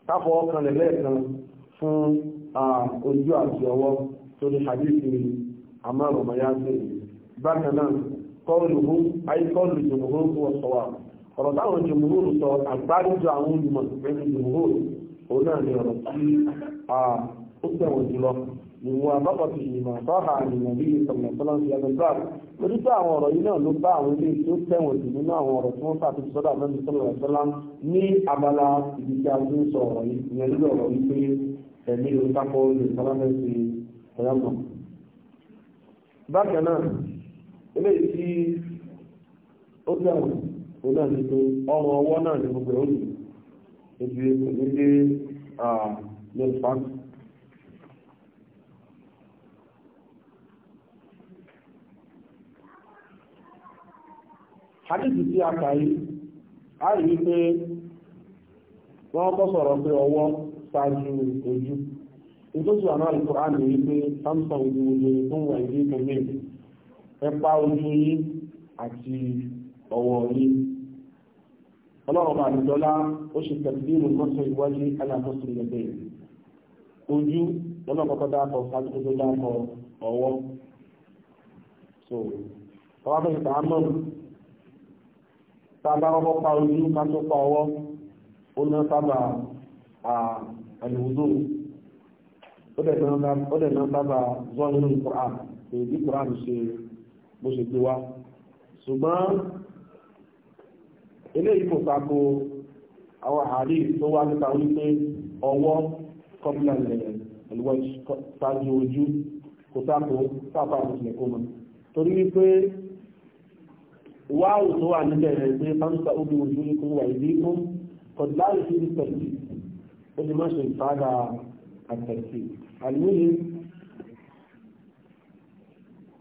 káfọwọ́ kan lẹ́ẹ̀kan fún ojú àti ọwọ́ tó ní àdéhùn àmọ́ ọmọ ya ṣe bákan náà kọ́ọ̀lùhù ayé kọ́ọ̀lù jùmùhù wọ sọ̀wà ọ̀rọ̀ táwọn jùmùhù sọ àgbáríjọ àwọn olùmọ̀ pẹ̀lú jùmùhù òun náà ni ọ̀rọ̀ tí ó tẹ̀wọ̀n jùlọ ìwọ̀n àbápọ̀tì ìmọ̀ àtọ́hà àmìnà bí ìsọ̀mọ̀sọ́lọ́sì ẹgbẹ̀gbà ló a ti ń sọ ọ̀rọ̀ yìí ìyẹn lórí ọ̀rọ̀ wípé ẹ̀mí ló dákọ̀ bákan náà eléyìí tí ó dàrú na náà ní pé ọrùn ọwọ́ náà ní gbogbo ẹ̀ ó lù ha kò ní dé lẹ́fàá. a kà yìí, a rí pé wọ́n kọ́ sọ̀rọ̀ nítòsí àná alukur'an ní wípé samsa ojú ojú tó ń wà ìdí kẹmẹ ẹpa ojú yín àti ọwọ́ yín ọlọ́run bá àdìjọ́lá ó ṣe tẹ̀síìmù mọ́sán ìwájú aláàtọ́sí ẹgbẹ́ ojú lọ́nà kọ́kọ́ dáàkọ̀ sáájú tó dáàkọ̀ ọwọ́ so ọwọ́ bẹ́ẹ̀ tá a mọ̀ pa ojú ká pa ọwọ́ ó ná sábà àlùwùdó ó dẹ̀ náà bábà zọ́ọ̀nù Qur'an èyí bí Qur'an ṣe bó ṣe gbé wá ṣùgbọ́n eléyìí kò tako àwọn àárí tó wá nípa wípé ọwọ́ kọ́pìlà ẹ̀lúwọ́ ṣáájú ojú kò tako pápá ìpìlẹ̀ kó mọ̀ torí wípé wáwù tó wà níbẹ̀ rẹ̀ pé fáńsà ó bí ojú ní kún wà ìdí kún kọ̀dláì sí ìpẹ̀lú ó ti má ṣe ìfádà àtẹ̀sí àlùmíyìn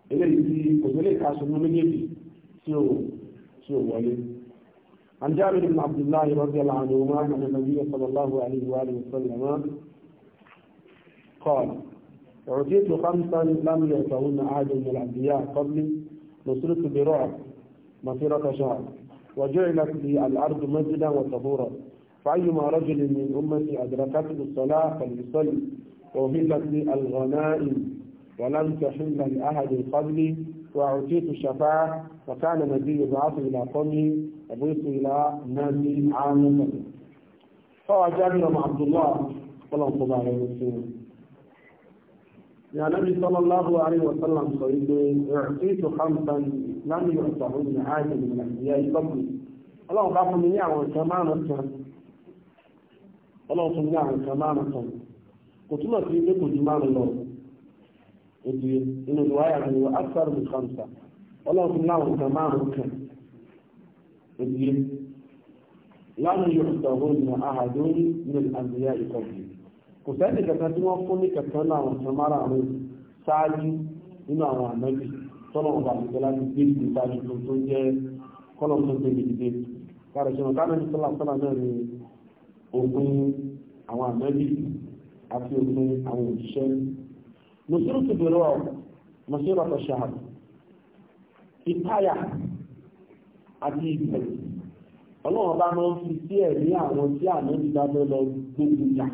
eléyìí tí kò sí eléyìí káṣọ ní méjèèjì tí عن جابر بن عبد الله رضي الله عنهما أن النبي صلى الله عليه وآله وسلم قال أعطيت خمسا لم يعطهن أحد من الأنبياء قبلي نصرت برعب مسيرة شهر وجعلت لي الأرض مسجدا وطهورا فأيما رجل من أمتي أدركته الصلاة فليصلي أهلت للغنائم ولم تحل لأحد قبلي وأعطيت الشفاعة وكان النبي يبعث إلى قومه يبعث إلى ناس عامة فهو جابر بن عبد الله صلى الله عليه وسلم يا نبي صلى الله عليه وسلم قال أعطيت خمسا لم يعطهن عاد من الأنبياء قبلي الله قال من يعمل كمان أنت الله سبحانه كمان أنت kò túmọ̀ sí pé kò ju márùn lọ ètò inú ìwà yàtọ̀ ìwà afẹ́rù ní kàmsà ọlọ́run fún láwọn nǹkan márùn kan ètò lánàá yóò sọ̀rọ̀ ndị àhàdó ní àgbéyà ìkọ̀bí kò sẹ́ni kankan tí wọ́n fún ní kankan nínú àwọn ànábì tọ́lọ̀ ọba gbé tó tó jẹ́ kọ́lọ̀ tó gbé kárẹ̀ sọ̀rọ̀ àti òfin àwọn òṣìṣẹ́. Nùsírù ti bèrè ọ̀ Mùsírù ọ̀tọ̀ ṣáàbù. Ìpáyà àti ìbẹ̀rù. Ọlọ́run bá máa ń fi sí ẹ̀rí àwọn tí àná ti bá bẹ́ lọ gbógun jà.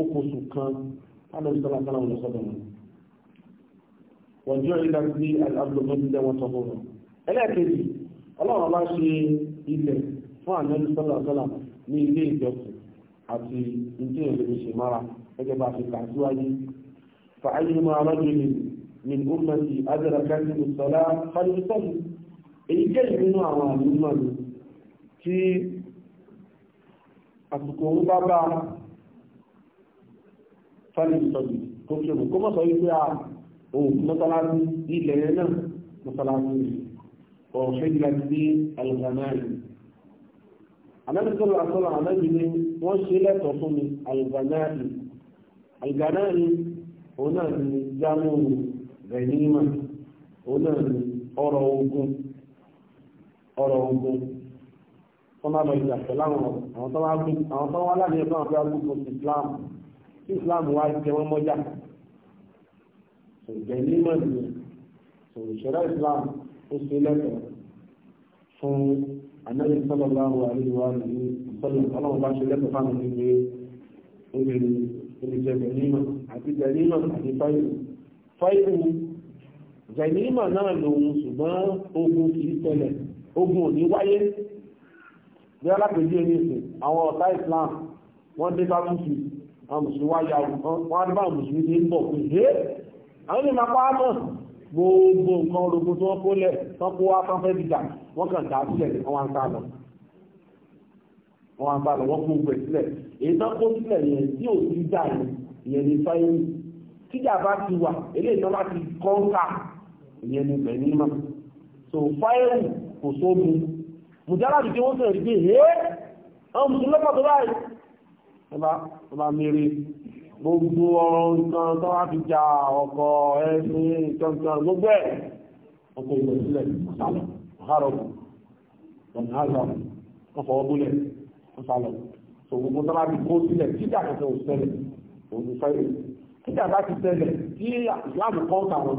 Okòsù kan táwọn ẹni sọ́lá sọ́lá wọn sọ́dọ̀ wọn. Wọ́n jẹ́ ìlà sí àdúgbò mẹ́tìdẹ́ wọn sọ fún wọn. Ẹlẹ́ẹ̀kejì, ọlọ́run bá ṣe ilẹ̀ fún àná ẹni sọ́lá sọ́lá ní ilé ìjọsìn àti ìdí èdè ìṣèmára gẹ́gẹ́ bá ti kà síwájú. fàáyínmọ́ arábìnrin ni ó mọ̀ sí adẹ́rẹ́ká nínú sọ́lá fàdíkọ́lù èyí jẹ́ ìpinnu àwọn àmúmọ̀ mi tí àsìkò ń bá bá fàdíkọ́lù tó kí òun kó mọ̀ sọ wípé a òun mọ́sálásí ilẹ̀ náà mọ́sálásí ọ̀hún ṣẹ́gi láti dé alùpàmẹ́rin. àmẹ́rin sọ́lá sọ́lá àmẹ́rin ni wọ́n ṣe lẹ́tọ̀ọ́ fún mi àlùbánáàlì àlùbánáàlì òun náà ni jámùrù rẹ̀nímà òun náà ni ọ̀rọ̀ ogun ọ̀rọ̀ ogun tó máa lọ ìjà pẹ̀lú àwọn àwọn tó wá láti ẹ̀fọ́ àwọn fẹ́ẹ́ gbogbo Islam tí Islam wá jẹ wọ́n mọ́jà rẹ̀nímà ni òṣèré Islam ó ṣe lẹ́tọ̀ọ́ fún ànábì sallallahu alaihi wa sallam ọlọ́run bá ṣe lẹ́tọ̀ọ́ fáwọn onígbé obìnrin oníjẹ gẹ̀límà àti gẹ̀límà àti fáìlì fáìlì gẹ̀límà náà lòun ṣùgbọ́n ogun kìí tẹ̀lẹ̀ ogun ò ní wáyé bí alápèjú ẹni ìsìn àwọn ọ̀tá Islam wọ́n dé bá túnṣì àwọn mùsùlùmí wáyà wọ́n á dé bá mùsùlùmí dé ń bọ̀ pé àwọn ènìyàn pa á náà gbogbo nǹkan orogun tí wọ́n kó lẹ̀ tán kó wá fáfẹ́ dìjà wọ́n kàn dá sílẹ̀ wọ́n ń sá lọ wọ́n ń sá lọ wọ́n kó gbẹ̀ sílẹ̀ èyí tán kó sílẹ̀ yẹn tí ò sí dà yẹn ìyẹn ní fáyẹ́mì tíjà bá ti wà eléyìí tán bá ti kọ́ńkà ìyẹn ní bẹ̀ ní mọ̀ so fáyẹ́mì kò sómi mùjálàbì tí wọ́n sọ̀rọ̀ ìgbé ẹ̀ ọ́n mùsùlùmọ́ tó báyìí gbogbo ọ̀rọ̀ nǹkan tó wá fi ja ọkọ̀ ẹni ìtọ̀ntàn gbogbo ẹ̀ ọkọ̀ ìwẹ̀ sílẹ̀ sálọ̀ ọ̀hárọ̀kù ọ̀nàhálà ọ̀fọ̀ọ́bùlẹ̀ ọ̀sálọ̀ so gbogbo tó bá fi kó sílẹ̀ títà kẹsẹ̀ ò ṣẹlẹ̀ òun fẹ́rẹ̀ títà bá ti ṣẹlẹ̀ tí ìsìláàmù kọ́ kàwọn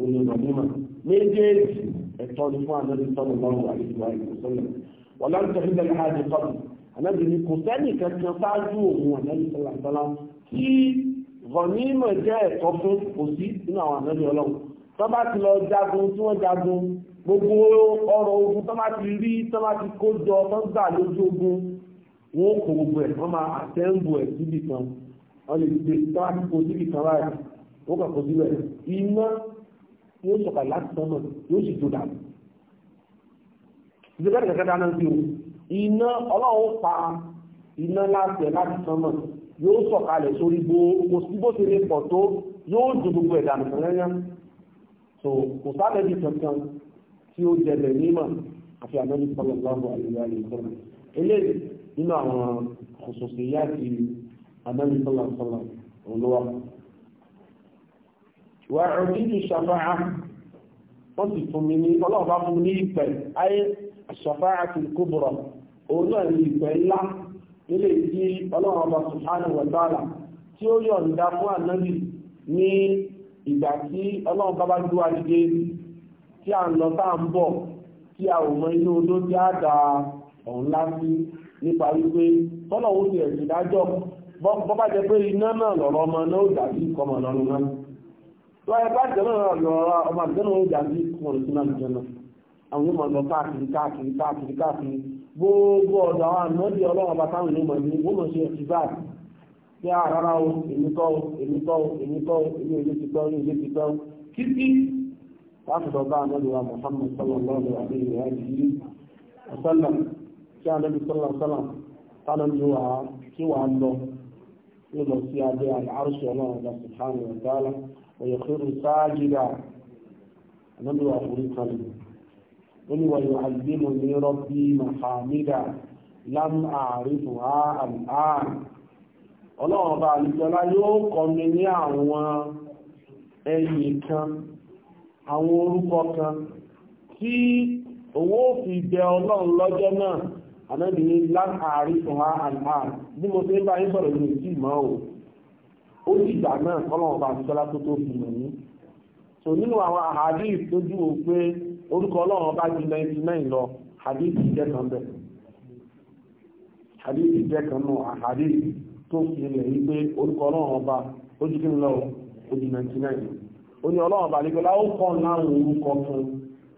òun ìrọ̀ mímọ̀ méjèèjì ẹ̀tọ́ ni fún àná ànábì ni kò sẹ́nì kankan ṣáájú òun ànábì sọlá sọlá tí ghanima jẹ́ ẹ̀tọ́ fún kò sí nínú àwọn ànábì ọlọ́run tó bá ti lọ jagun tí wọ́n jagun gbogbo ọrọ̀ ogun tó bá ti rí tó bá ti kó jọ tó ń gbà lójú ogun wọn kò gbogbo ẹ̀ wọ́n máa àtẹ́ǹbù ẹ̀ síbì kan wọ́n lè gbé tó bá ti kó síbì kan láì wọ́n kà kó síbẹ̀ iná yóò sọ̀kà láti sọ́nà yóò sì tó dànù ìjọba ìjọba dáná sí òun iná ọlọ́run pa iná láti ẹ̀ láti sánmọ̀ yóò sọ̀kalẹ̀ sórí gbogbo sí bó ṣe lè pọ̀ tó yóò ju gbogbo ẹ̀dànù fẹ́rẹ́yán so kò sábẹ́bí kankan tí ó jẹlẹ̀ nímọ̀ àfi àmẹ́lí sọlọ́gbọ́n àlejò àlejò eléyìí nínú àwọn òṣòṣì yá ti àmẹ́lí sọlọ́gbọ́n olówó wà ọ̀dídì ṣàfáà wọ́n sì fún mi ní ọlọ́ọ̀bá fún mi ní ìpẹ̀ ayé ṣàfáà ti kúbùrọ̀ òun náà ní ìpẹ́ ńlá nílé tí ọlọ́run ọba subhanahu wa tí ó yọ̀ǹda fún ànábì ní ìgbà tí ọlọ́run bá bá gbé wa dìde tí ń lọ tá à ń bọ̀ tí a ò mọ inú odó tí a dà ọ̀hún lásì nípa wípé tọ́lọ̀ ó ti ẹ̀sìn dájọ́ bọ́ bá jẹ pé iná náà lọ̀rọ̀ ọmọ náà ó dàbí kọmọ ọmọ àgbẹ̀ náà ó kọmọ náà àwọn yóò lọ káàkiri gbogbo ọ̀dọ̀ àwọn ànọ́dì ọlọ́run bá táwọn ènìyàn ní wọ́n mọ̀ sí ẹ̀sìn báyìí bí a rárá o èmi kọ́ o èmi kọ́ o èmi kọ́ o èmi èlé ti gbọ́ o èlé ti gbọ́ o títí láti bá ànọ́dì wa Muhammad sallallahu alaihi wa alihi wa sallam kí ànọ́dì sallallahu sallam tánà ní wà kí wà á lọ ní lọ sí abẹ́ àlárùsù ọlọ́run bá subhanahu wa olúwa yóò àgbélò ní rọ́bí mahamida lam àrífù àmàn ọlọ́run ọba àlùjọlá yóò kọ́ mi ní àwọn ẹ̀yìn kan àwọn orúkọ kan tí owó fi bẹ ọlọ́run lọ́jọ́ náà ànábìíní lam àrífù àmàn bí mo ṣe ń bá yín sọ̀rọ̀ ní ìtì mọ́ o ó sì gbà náà ọlọ́run ọba àlùjọlá tó tó fi mọ̀ ní. orúkọ ọlọ́run ọba ju 99 lọ hadith jẹ́ kan bẹ̀ hadith jẹ́ kan nù hadith tó orúkọ ọlọ́run ọba ó kí n lọ ó ọba kọ́ orúkọ kan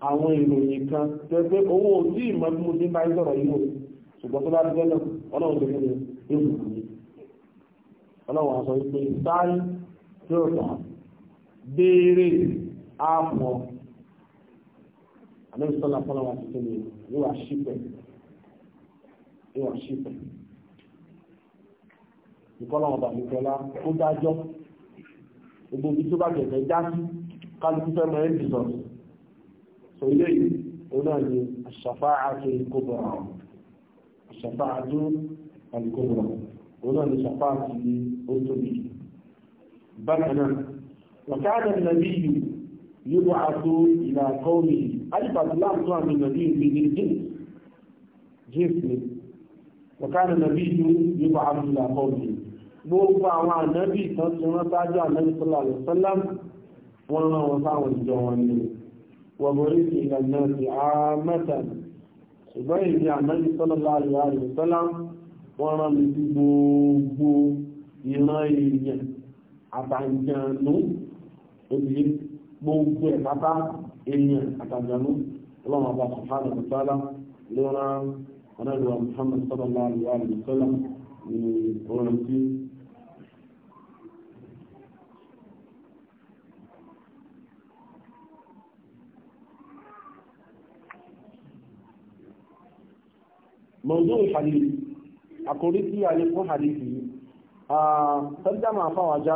àwọn ìròyìn kan tẹ́ pé owó tí ìmọ̀ tí mo ti bá ń yìí wò ṣùgbọ́n tó àlẹ́ ìsọ́lá fọ́lá wa ti tẹ̀lé yóò wá ṣípẹ́ yóò wá ṣípẹ́ ìkọ́lọ́ ọba nìkọ́lá ó dájọ́ gbogbo ibi tó bá gẹ̀gẹ́ já sí kálukú fẹ́ mọ ẹ́ndì sọ so ilé yìí ó náà ní àṣàfáàtú ìkóbọ̀rọ̀ àṣàfáàtú ìkóbọ̀rọ̀ ó náà ní ṣàfáàtú ó tóbi bákan náà wàkàdà nàbí yìí yóò àtò ìlà kọ́ọ̀mì alìbàtìlá tó àmì nàbí ìpín ní jíǹsì ni wọ̀kánà nàbí yóò àtò ìlà kọ́ọ̀mì gbogbo àwọn ànábì tán ti rán sáájú ànábì sọ́lá àlùsọ́lá wọ́n rán wọn sáwọn ìjọ wọn ni gbogbo ẹ̀ pátá ènìyàn àtàjànú ọlọ́run àbá sùhánà ìtàlá lọ́ra ọ̀nàdùwà muhammad sallallahu alaihi wa sallam ní orin tí mọ̀jọ́ ìhàlẹ̀ àkórí tí a lè fún hàlẹ̀ yìí tọ́jú àmà fáwọn ajá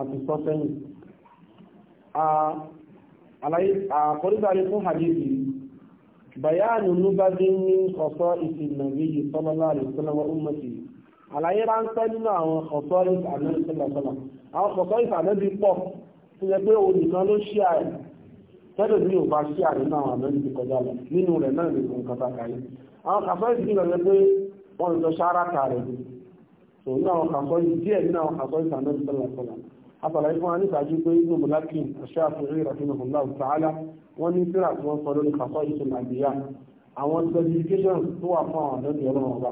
àti sọ́sẹ́yìn àkọ́rígbàrí fún hadithi bayanu nubadin ní ọ̀sọ́ ìsìnàbí sallallahu alaihi wasallam wa ummati àlàyé ránṣẹ́ nínú àwọn ọ̀sọ́ ìsànàbí àwọn ọ̀sọ́ ìsànàbí pọ̀ tó yẹ pé òun nìkan ló ṣí àì tẹ́lẹ̀ ní òbá ṣí àì nínú àwọn àmì ti kọjá lọ nínú rẹ̀ náà lè fún kàtà kàyé àwọn kàfẹ́ ìsìnkú rẹ̀ pé wọ́n lọ ṣáárà kà rẹ̀ tò ní àwọn kàfẹ́ díẹ̀ nínú àwọn kàfẹ́ ìsànàbí sallallahu alaihi wasallam àtàlàyé fún wa nípa jí pé inú mùlákì aṣáàfihàn rahimahullah ta'ala wọ́n ní síra tí wọ́n sọ lórí kàfọ́ ìṣẹ̀lẹ̀ àbíyá àwọn specifications tó wà fún àwọn ọ̀dọ́ ìyọ́rọ̀ ọba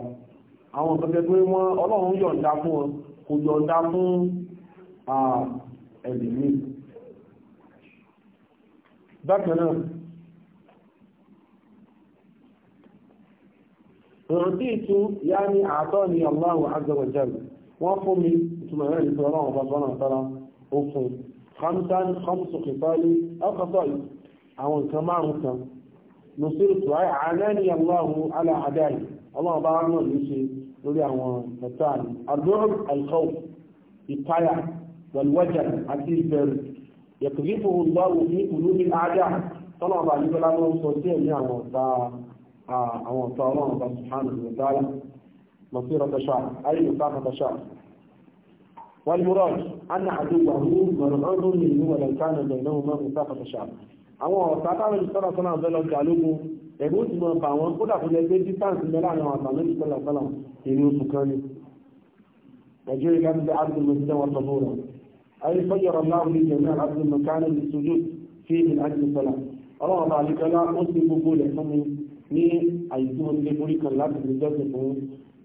àwọn ìpínlẹ̀ pé wọ́n ọlọ́run yọ̀ǹda fún wọn kò yọ̀ǹda fún ẹ̀dì mi bákan náà rọ̀dí ìtú yá ní àtọ́ ni Allahu azza wọ́n fún mi ìtumọ̀ náà ní sọ́rọ̀ ọba sọ́nà sára ó fún hamsan hamsu kìfàlì ọkọ̀tọ̀ àwọn nǹkan márùn kan nùsírùtù àyà àlẹ́ni aláhùn aláàdáyì ọlọ́run bá rán mi ṣe lórí àwọn ẹ̀tọ́ àmì adúrú alkhawf ìpayà wàlúwàjà àti ìbẹ̀rù yẹ̀kùnrin ìgbàwò ní ìlú ní àádá tọ́nà ọba àdúgbọ́lá ló ń sọ sí ẹ̀mí àwọn ọ̀tá àwọn ọ̀tá ọlọ́run bá sùhánù ìwọ̀tá lọ sí ọ̀tọ̀ṣà ayé ìfáfọ̀tọ̀ṣà والمراد أن عدوه مرعوب منه ولو كان بينهما مسافة شعب àwọn ọ̀tá táwọn ìsọ́lá sọ́lá ọ̀bẹ́lọ jàlógún ẹ̀gbọ́n ti mọ̀ pa àwọn kódà kó jẹ́ pé distance ń bẹ láàrin àwọn àtàwọn ìsọ́lá sọ́lá èrè oṣù kan ni nàìjíríà láti bẹ abdul mọ̀sílẹ̀ wọn sọ fún wọn ayé fọ́yọ̀rọ̀ láwọn ní jẹ̀mẹ́ abdul mọ̀kánà ní sojú sí ìlú abdul sọ́lá ọlọ́run bá àlekọ́lá ó sì gbogbo rẹ̀ fún mi ní àyíkú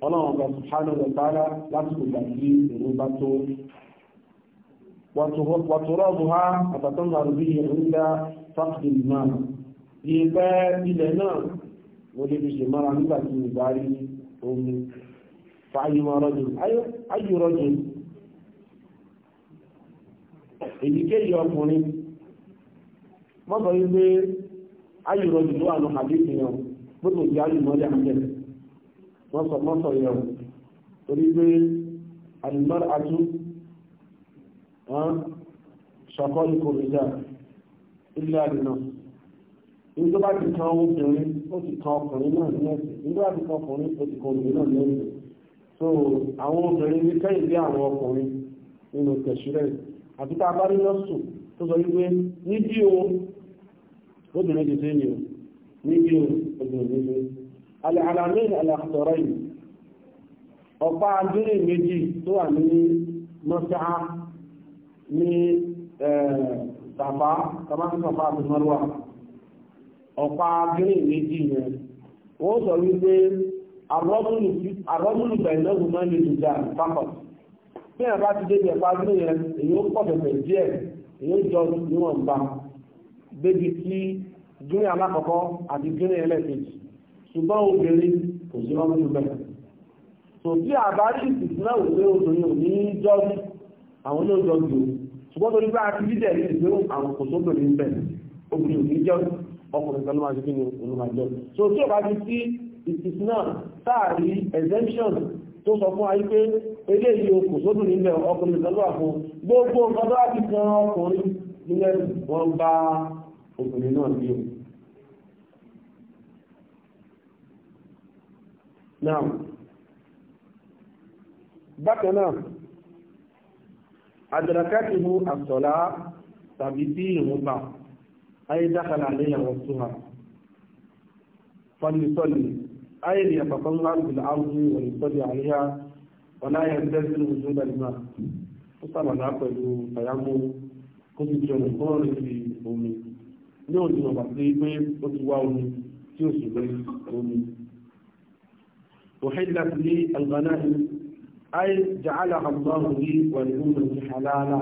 ọlọ́run ọba subhanahu wa ta'ala lásìkò ìgbà tí èrò bá tó wàtúrọ́bù ha àtàtàn àrùbí ìrìnlá fàkìdì náà ìgbẹ́ ilẹ̀ náà wọ́n lè fi ṣe mara nígbà tí ìgbà rí omi fàáyíwá rọ́jù ayù rọ́jù èdìkéyìí ọkùnrin mọ́sọ̀ wípé ayù rọ́jù ló wà ní àdéhùn náà gbogbo ìyá ayù mọ́lẹ̀ àjẹ́ wọ́n sọ mọ́sọ̀ yẹn o torí pé àdìmọ́rì atú ṣàkọ́lù kò rí jà ilé àdìmọ́ ní tó bá ti kan obìnrin ó ti kan ọkùnrin náà ní ẹ̀sìn ní tó bá ti kan ọkùnrin ó ti kan obìnrin náà ní ẹ̀sìn so àwọn obìnrin ní kẹ́yìn bí àwọn ọkùnrin nínú tẹ̀sírẹ̀ àti tá a bá rí lọ́sùn tó sọ wípé níbí o obìnrin ti dé ni o níbí o obìnrin ti dé alàmìn alàkọ̀rọ̀ yìí ọ̀pá adúrí méjì tó wà ní mọ́sá ní tàbá tàbátí tàbá àti mọ́rúwà ọ̀pá adúrí méjì yẹn wọ́n sọ wípé àrọ́mùlù bẹ̀rẹ̀lẹ́gùn máa ní ìjà pápọ̀ bí ẹ̀bá ti débi ẹ̀pá adúrí yẹn èyí ó pọ̀ pẹ̀pẹ̀ díẹ̀ èyí ó jọ níwọ̀nba débi tí gírí alákọ̀ọ́kọ́ àti gírí ẹlẹ́kejì ṣùgbọ́n obìnrin kò sí ọmọ tó bẹ̀rẹ̀ tò tí àbárí ìsìnkúnlẹ̀ òṣèré obìnrin ò ní jọ́bí àwọn ló jọ jù ṣùgbọ́n torí bá ti dídẹ̀ ní ìṣẹ́ àwọn kò sóbìnrin ń bẹ̀ obìnrin ò ní jọ́bí ọkùnrin kan ló máa ṣe kí ni òun máa jọ so tí ò bá ti sí ìsìnkúnlẹ̀ táàrí exemption tó sọ fún ayé pé eléyìí o kò sóbìnrin ń bẹ̀ ọkùnrin kan ló wà fún gbogbo nǹkan tó wá ti kan ọkùnrin nílẹ̀ wọn bá obìnrin náà bí o náà bákan náà àdàràkàtì mú àsọ̀lá tàbí tí ìrùn bá ayé dákàlà lẹ́yìn àwọn súnmọ́ fọ́nìsọ́lì ayé ni àpapọ̀ ńlá ìbìlà áwùjú ìwọ̀nìsọ́lì àríyá wọ́n láyé ń tẹ́sí ní ojú ìdàlímà ó sàbàdà pẹ̀lú àyámú kó ti jọ nǹkan rẹ̀ sí omi أحلت لي الغنائم أي جعلها الله لي ولأمتي حلالا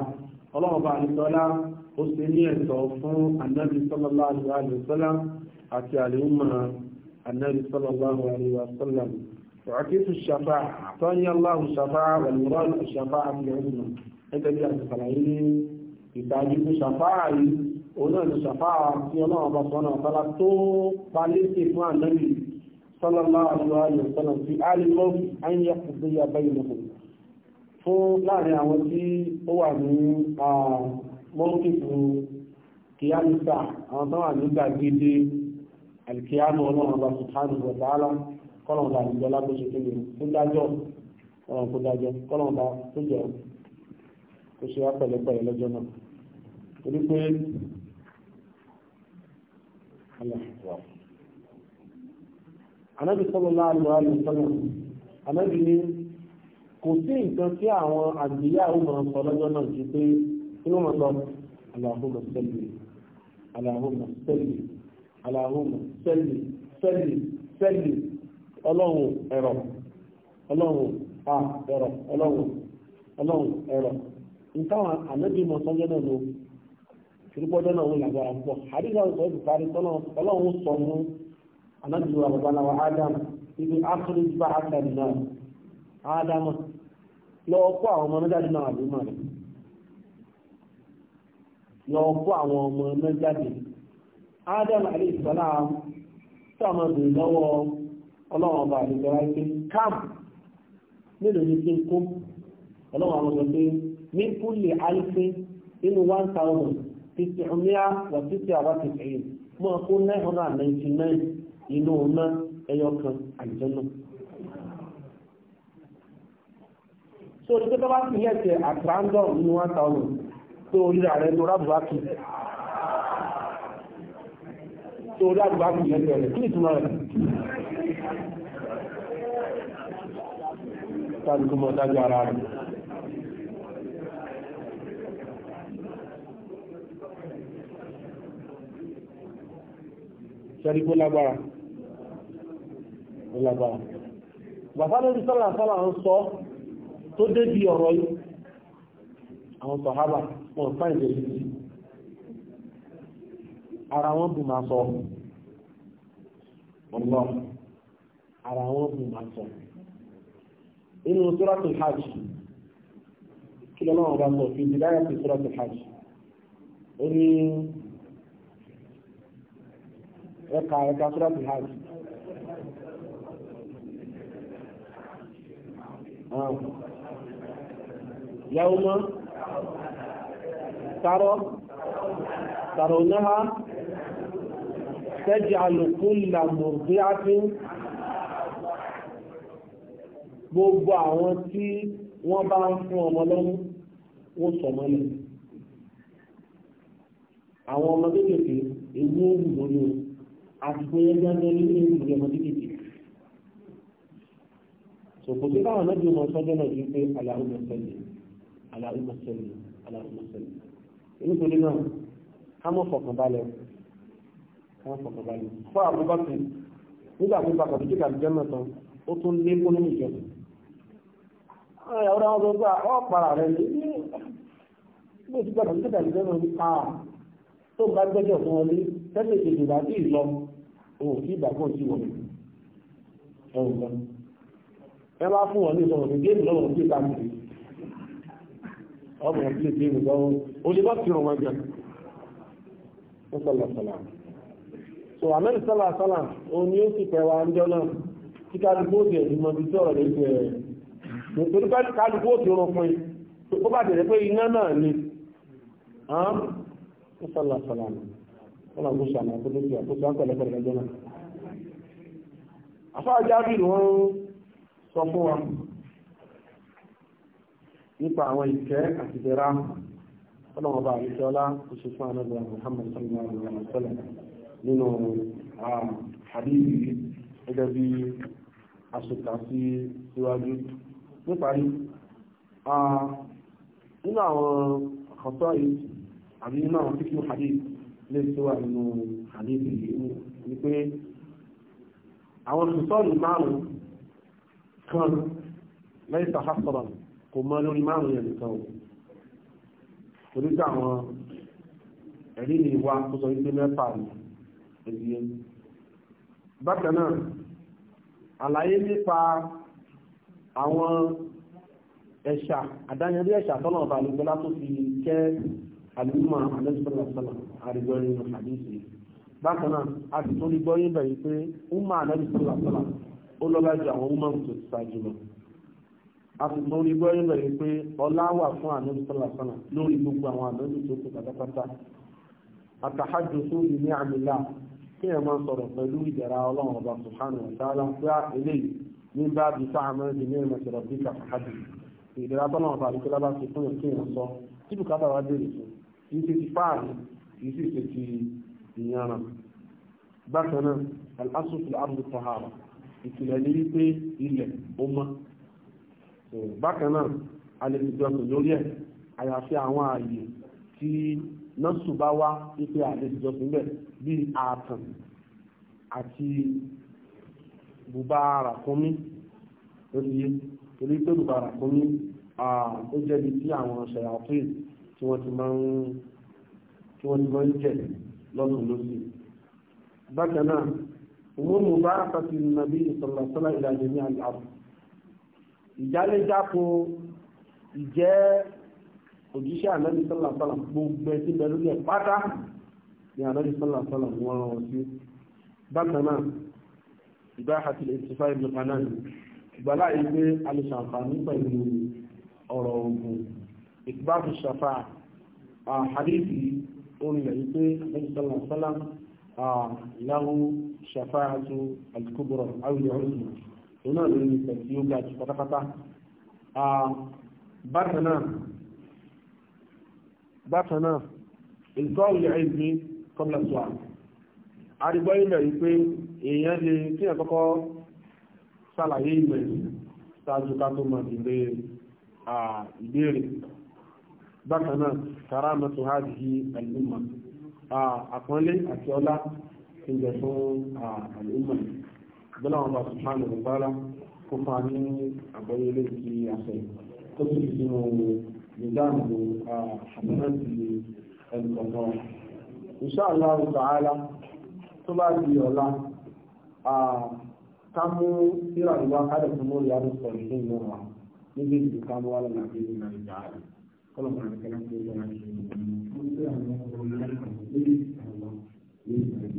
الله بعد الصلاة أسلمي التوفون النبي صلى الله عليه وسلم أتي الأمة النبي صلى الله عليه وسلم وعكيف الشفاعة ثاني الله الشفاعة والمراد الشفاعة في العزمة أنت بي أتفلعيني يتعجب شفاعي ونحن الشفاعة في الله سبحانه وتعالى تو بالي في النبي sallallahu alaihi wa sallam fi alimọ́fì ayé kùdíyà bẹ́yìnàmù fún láàrin àwọn tí ó wà ní mọ́kìtù kìyàmùsà àwọn tó wà ní gbàgede alìkìyàmù ọlọ́run ọba subhanahu wa ta'ala kọ́lọ̀ ọba anábì sallallahu alaihi wasallam anábì ní kò sí nǹkan tí àwọn àgbéyàwó máa ń sọ lọ́jọ́ náà ju pé kí ló máa sọ Allahumma salli Allahumma salli Allahumma salli salli salli ọlọ́run ẹ̀rọ ọlọ́run a ẹ̀rọ ọlọ́run ọlọ́run ẹ̀rọ nǹkan ànábì máa sọ́jọ́ náà ló kìrìpọ́jọ́ náà wọ́n lágbára púpọ̀ àdìgbà ọ̀sọ̀ ìbùkárí ọlọ́run sọ mú anábì wa bàbá wa adam ibi akérèjì bá adam náà adam lọ kó àwọn ọmọ mẹ́jáde náà àbí mọ̀ rẹ̀ lọ kó àwọn ọmọ mẹ́jáde adam alayhi salam tí a máa bèèrè lọ́wọ́ ọlọ́run ọba àdìgbà wáyé kam nílò ní kí n kó ọlọ́run àwọn ọmọ pé ní kúlè alifé nínú one thousand fifty ọmọ yá wà fifty inú ọ̀nà ẹyọ kan àlùjànnà. so ní pẹ́pẹ́ bá sì lẹ́sẹ̀ àtàndọ̀ nínú one thousand tó oríra rẹ̀ tó rábùbá kì í tó orí àbùbá kì í lẹ́sẹ̀ rẹ̀ kí ìtumọ̀ rẹ̀ tàbí mọ̀ rẹ̀ ìlàgbàrà bàbá lórí sọ́là sọ́là ń sọ tó débi ọ̀rọ̀ yìí àwọn sọ̀hábà wọn fáìn lè rí ara wọn bù máa sọ ọ̀gbọ́n ara wọn bù máa sọ inú suratul hajj kí lọ́nà ọba sọ fi ìdíláyà sí suratul hajj ó ní ẹ̀ka ẹ̀ka suratul hajj yàwùmọ́ tàrọ tàrọ náà tẹ́jì alùkúnlà mọ̀gbíáfí gbogbo àwọn tí wọ́n bá ń fún ọmọ lọ́mú wọ́n sọ mọ́lẹ̀ àwọn ọmọ kéékèèké ewu òwú lórí o àsìkò yẹn gbẹ́gbẹ́ nínú ìwé ọmọ kéékèèké sòkòtò káwọn náà bí wọn sọjọ́ náà ju pé Allahumma salli Allahumma salli Allahumma salli nítorí náà ká mọ̀ fọkànbalẹ̀ ká mọ̀ fọkànbalẹ̀ fún àbúbákẹ́ nígbà tó bá kàbí kíkà jẹ́ náà tán ó tún lé kónú ìjọba àwọn ìyàwó àwọn ọmọ ọgbà ọ para rẹ ní ní oṣù gbàgbọ́ nígbà tí wọ́n ń pa tó bá gbẹ́jọ́ fún ọ ní tẹ́lẹ̀ ìṣèjọba tí ì lọ òun kí ìgbàgbọ́ sí wọn ẹ̀wọ̀n gan ẹ bá fún wọn ní ìsọ̀rọ̀ ní géèmù lọ́wọ́ ní ìta kiri ọmọ wọn lè lọ́wọ́ o lè bá fi so amẹ́rin sọlá sọlá òun ni ó sì pẹ̀ wá ń jọ náà kí kálukú òsì ẹ̀ ìmọ̀ ibi tí ọ̀rọ̀ lè fi ẹ̀ nítorí kálukú òsì ọ̀rọ̀ fún yín tó bá tẹ̀lé pé iná náà ni ní sọlá sọ fún wa nípa àwọn ìfẹ́ àti ìdẹ̀ra ọlọ́wọ́ bá àríṣẹ́ ọlá tó ṣe fún anábìyàn Muhammad sallallahu alaihi wa sallam nínú àdíyí gẹ́gẹ́ bí aṣòkà sí síwájú níparí nínú àwọn àkọ́tọ́ yìí àbí nínú àwọn fífún hadith lè tó wà nínú hadith yìí ni pé àwọn sùsọ́ọ̀lù márùn-ún kan lẹ́yìn sàhásọ̀rọ̀ kò mọ lórí márùn-ún yẹn nìkan o onígbà àwọn ẹ̀rí ni wá tó sọ wípé mẹ́fà ni ẹ̀dìyẹ bákan náà àlàyé nípa àwọn ẹ̀ṣà àdáyẹrí ẹ̀ṣà tọ́nà ọba àlùgbọ́lá tó fi kẹ́ àlùmọ́ àlẹ́sọ̀lọ́sọ̀lọ́ àrígbọ́ nínú àdéhùn bákan náà a sì tún rí gbọ́yìn bẹ̀rẹ̀ pé ó máa àlẹ́sọ̀lọ́sọ̀lọ́ ó lọ́lá ju àwọn woman tó ti ṣáájú lọ àfihàn orí gbọ́yìn bẹ̀rẹ̀ pé ọlá wà fún ànábì sọ́là sọ́nà lórí gbogbo àwọn ànábì tó kù pátápátá àtàhájò fún mi ní àmìlá kí ẹ máa sọ̀rọ̀ pẹ̀lú ìdẹ̀ra ọlọ́run ọba subhanahu wa ta'ala pé ah, eléyìí ní bá bí sáàmù ẹ̀dì ní ẹ̀mẹ̀ sọ̀rọ̀ bí kàfàkàdì ìdẹ̀ra tọ́lọ́run ọba àdìkọ́lá bá ti ìkìlẹ̀ ní wípé ilẹ̀ ó mọ́ bákan náà a lè fi jọsìn lórí ẹ̀ àyàfi àwọn ààyè tí nọ́ọ̀sù bá wá wípé a lè fi jọsìn bẹ́ẹ̀ bíi ààtàn àti bùbá ràkúnmí lórí yé torí pé bùbá ràkúnmí ó jẹ́bi tí àwọn ṣẹ̀yàfíì tí wọ́n ti máa ń jẹ̀ lọ́sùn lósì bákan náà ومباركة النبي صلى الله عليه وسلم إلى جميع الأرض ìjálẹ́jáko ìjẹ́ òjíṣẹ́ ànábì sọ́là sọ́là gbogbo ẹtí bẹ̀rù ní ẹ̀pátá ní ànábì sọ́là sọ́là wọ́n rán wọn sí bákan náà ìgbà àti ìtìfá ìlú kanáà ìgbàlá yìí pé a lè ṣàǹfààní pẹ̀lú ọ̀rọ̀ ogun ìgbà fi ṣàfà àhàdìsí orin rẹ̀ pé ànábì sọ́là sọ́là ìyáwó ṣàfáàtú àtìkúbọ̀rọ̀ àwùjọ ọ̀sùn òun náà lórí ìfẹ́ tí ó ga jù pátápátá bákan náà bákan náà ìtọ́ọ̀lù ẹ̀mí kọ́mlẹ̀tọ́à àrígbọ́ ilẹ̀ yìí pé èèyàn lè kí ẹ̀ kọ́kọ́ sàlàyé ilẹ̀ ṣáájú ká tó máa dìde ìbéèrè bákan náà kàrá mẹ́tò hajj al-umma àpọ́nlé àti ń bẹ fún àlùmọ̀ bẹ́ẹ̀ náà bá sùpáàlù rẹ̀ kó fa ní àgbáyé ilé ti àṣẹ tó sì fi sínú ìdáàbò àmúnáàtì ẹnìkọ̀ọ̀kan. Insha Allah ta'ala tó bá di ọ̀la ká mú síra ìwà kálẹ̀ fún lórí àdúgbò ìṣẹ́ ìlú wa níbi ìdí ká mú wà lọ́nà àti ìlú náà ìjà rẹ̀. Kọ́lọ̀ kan kẹ́lá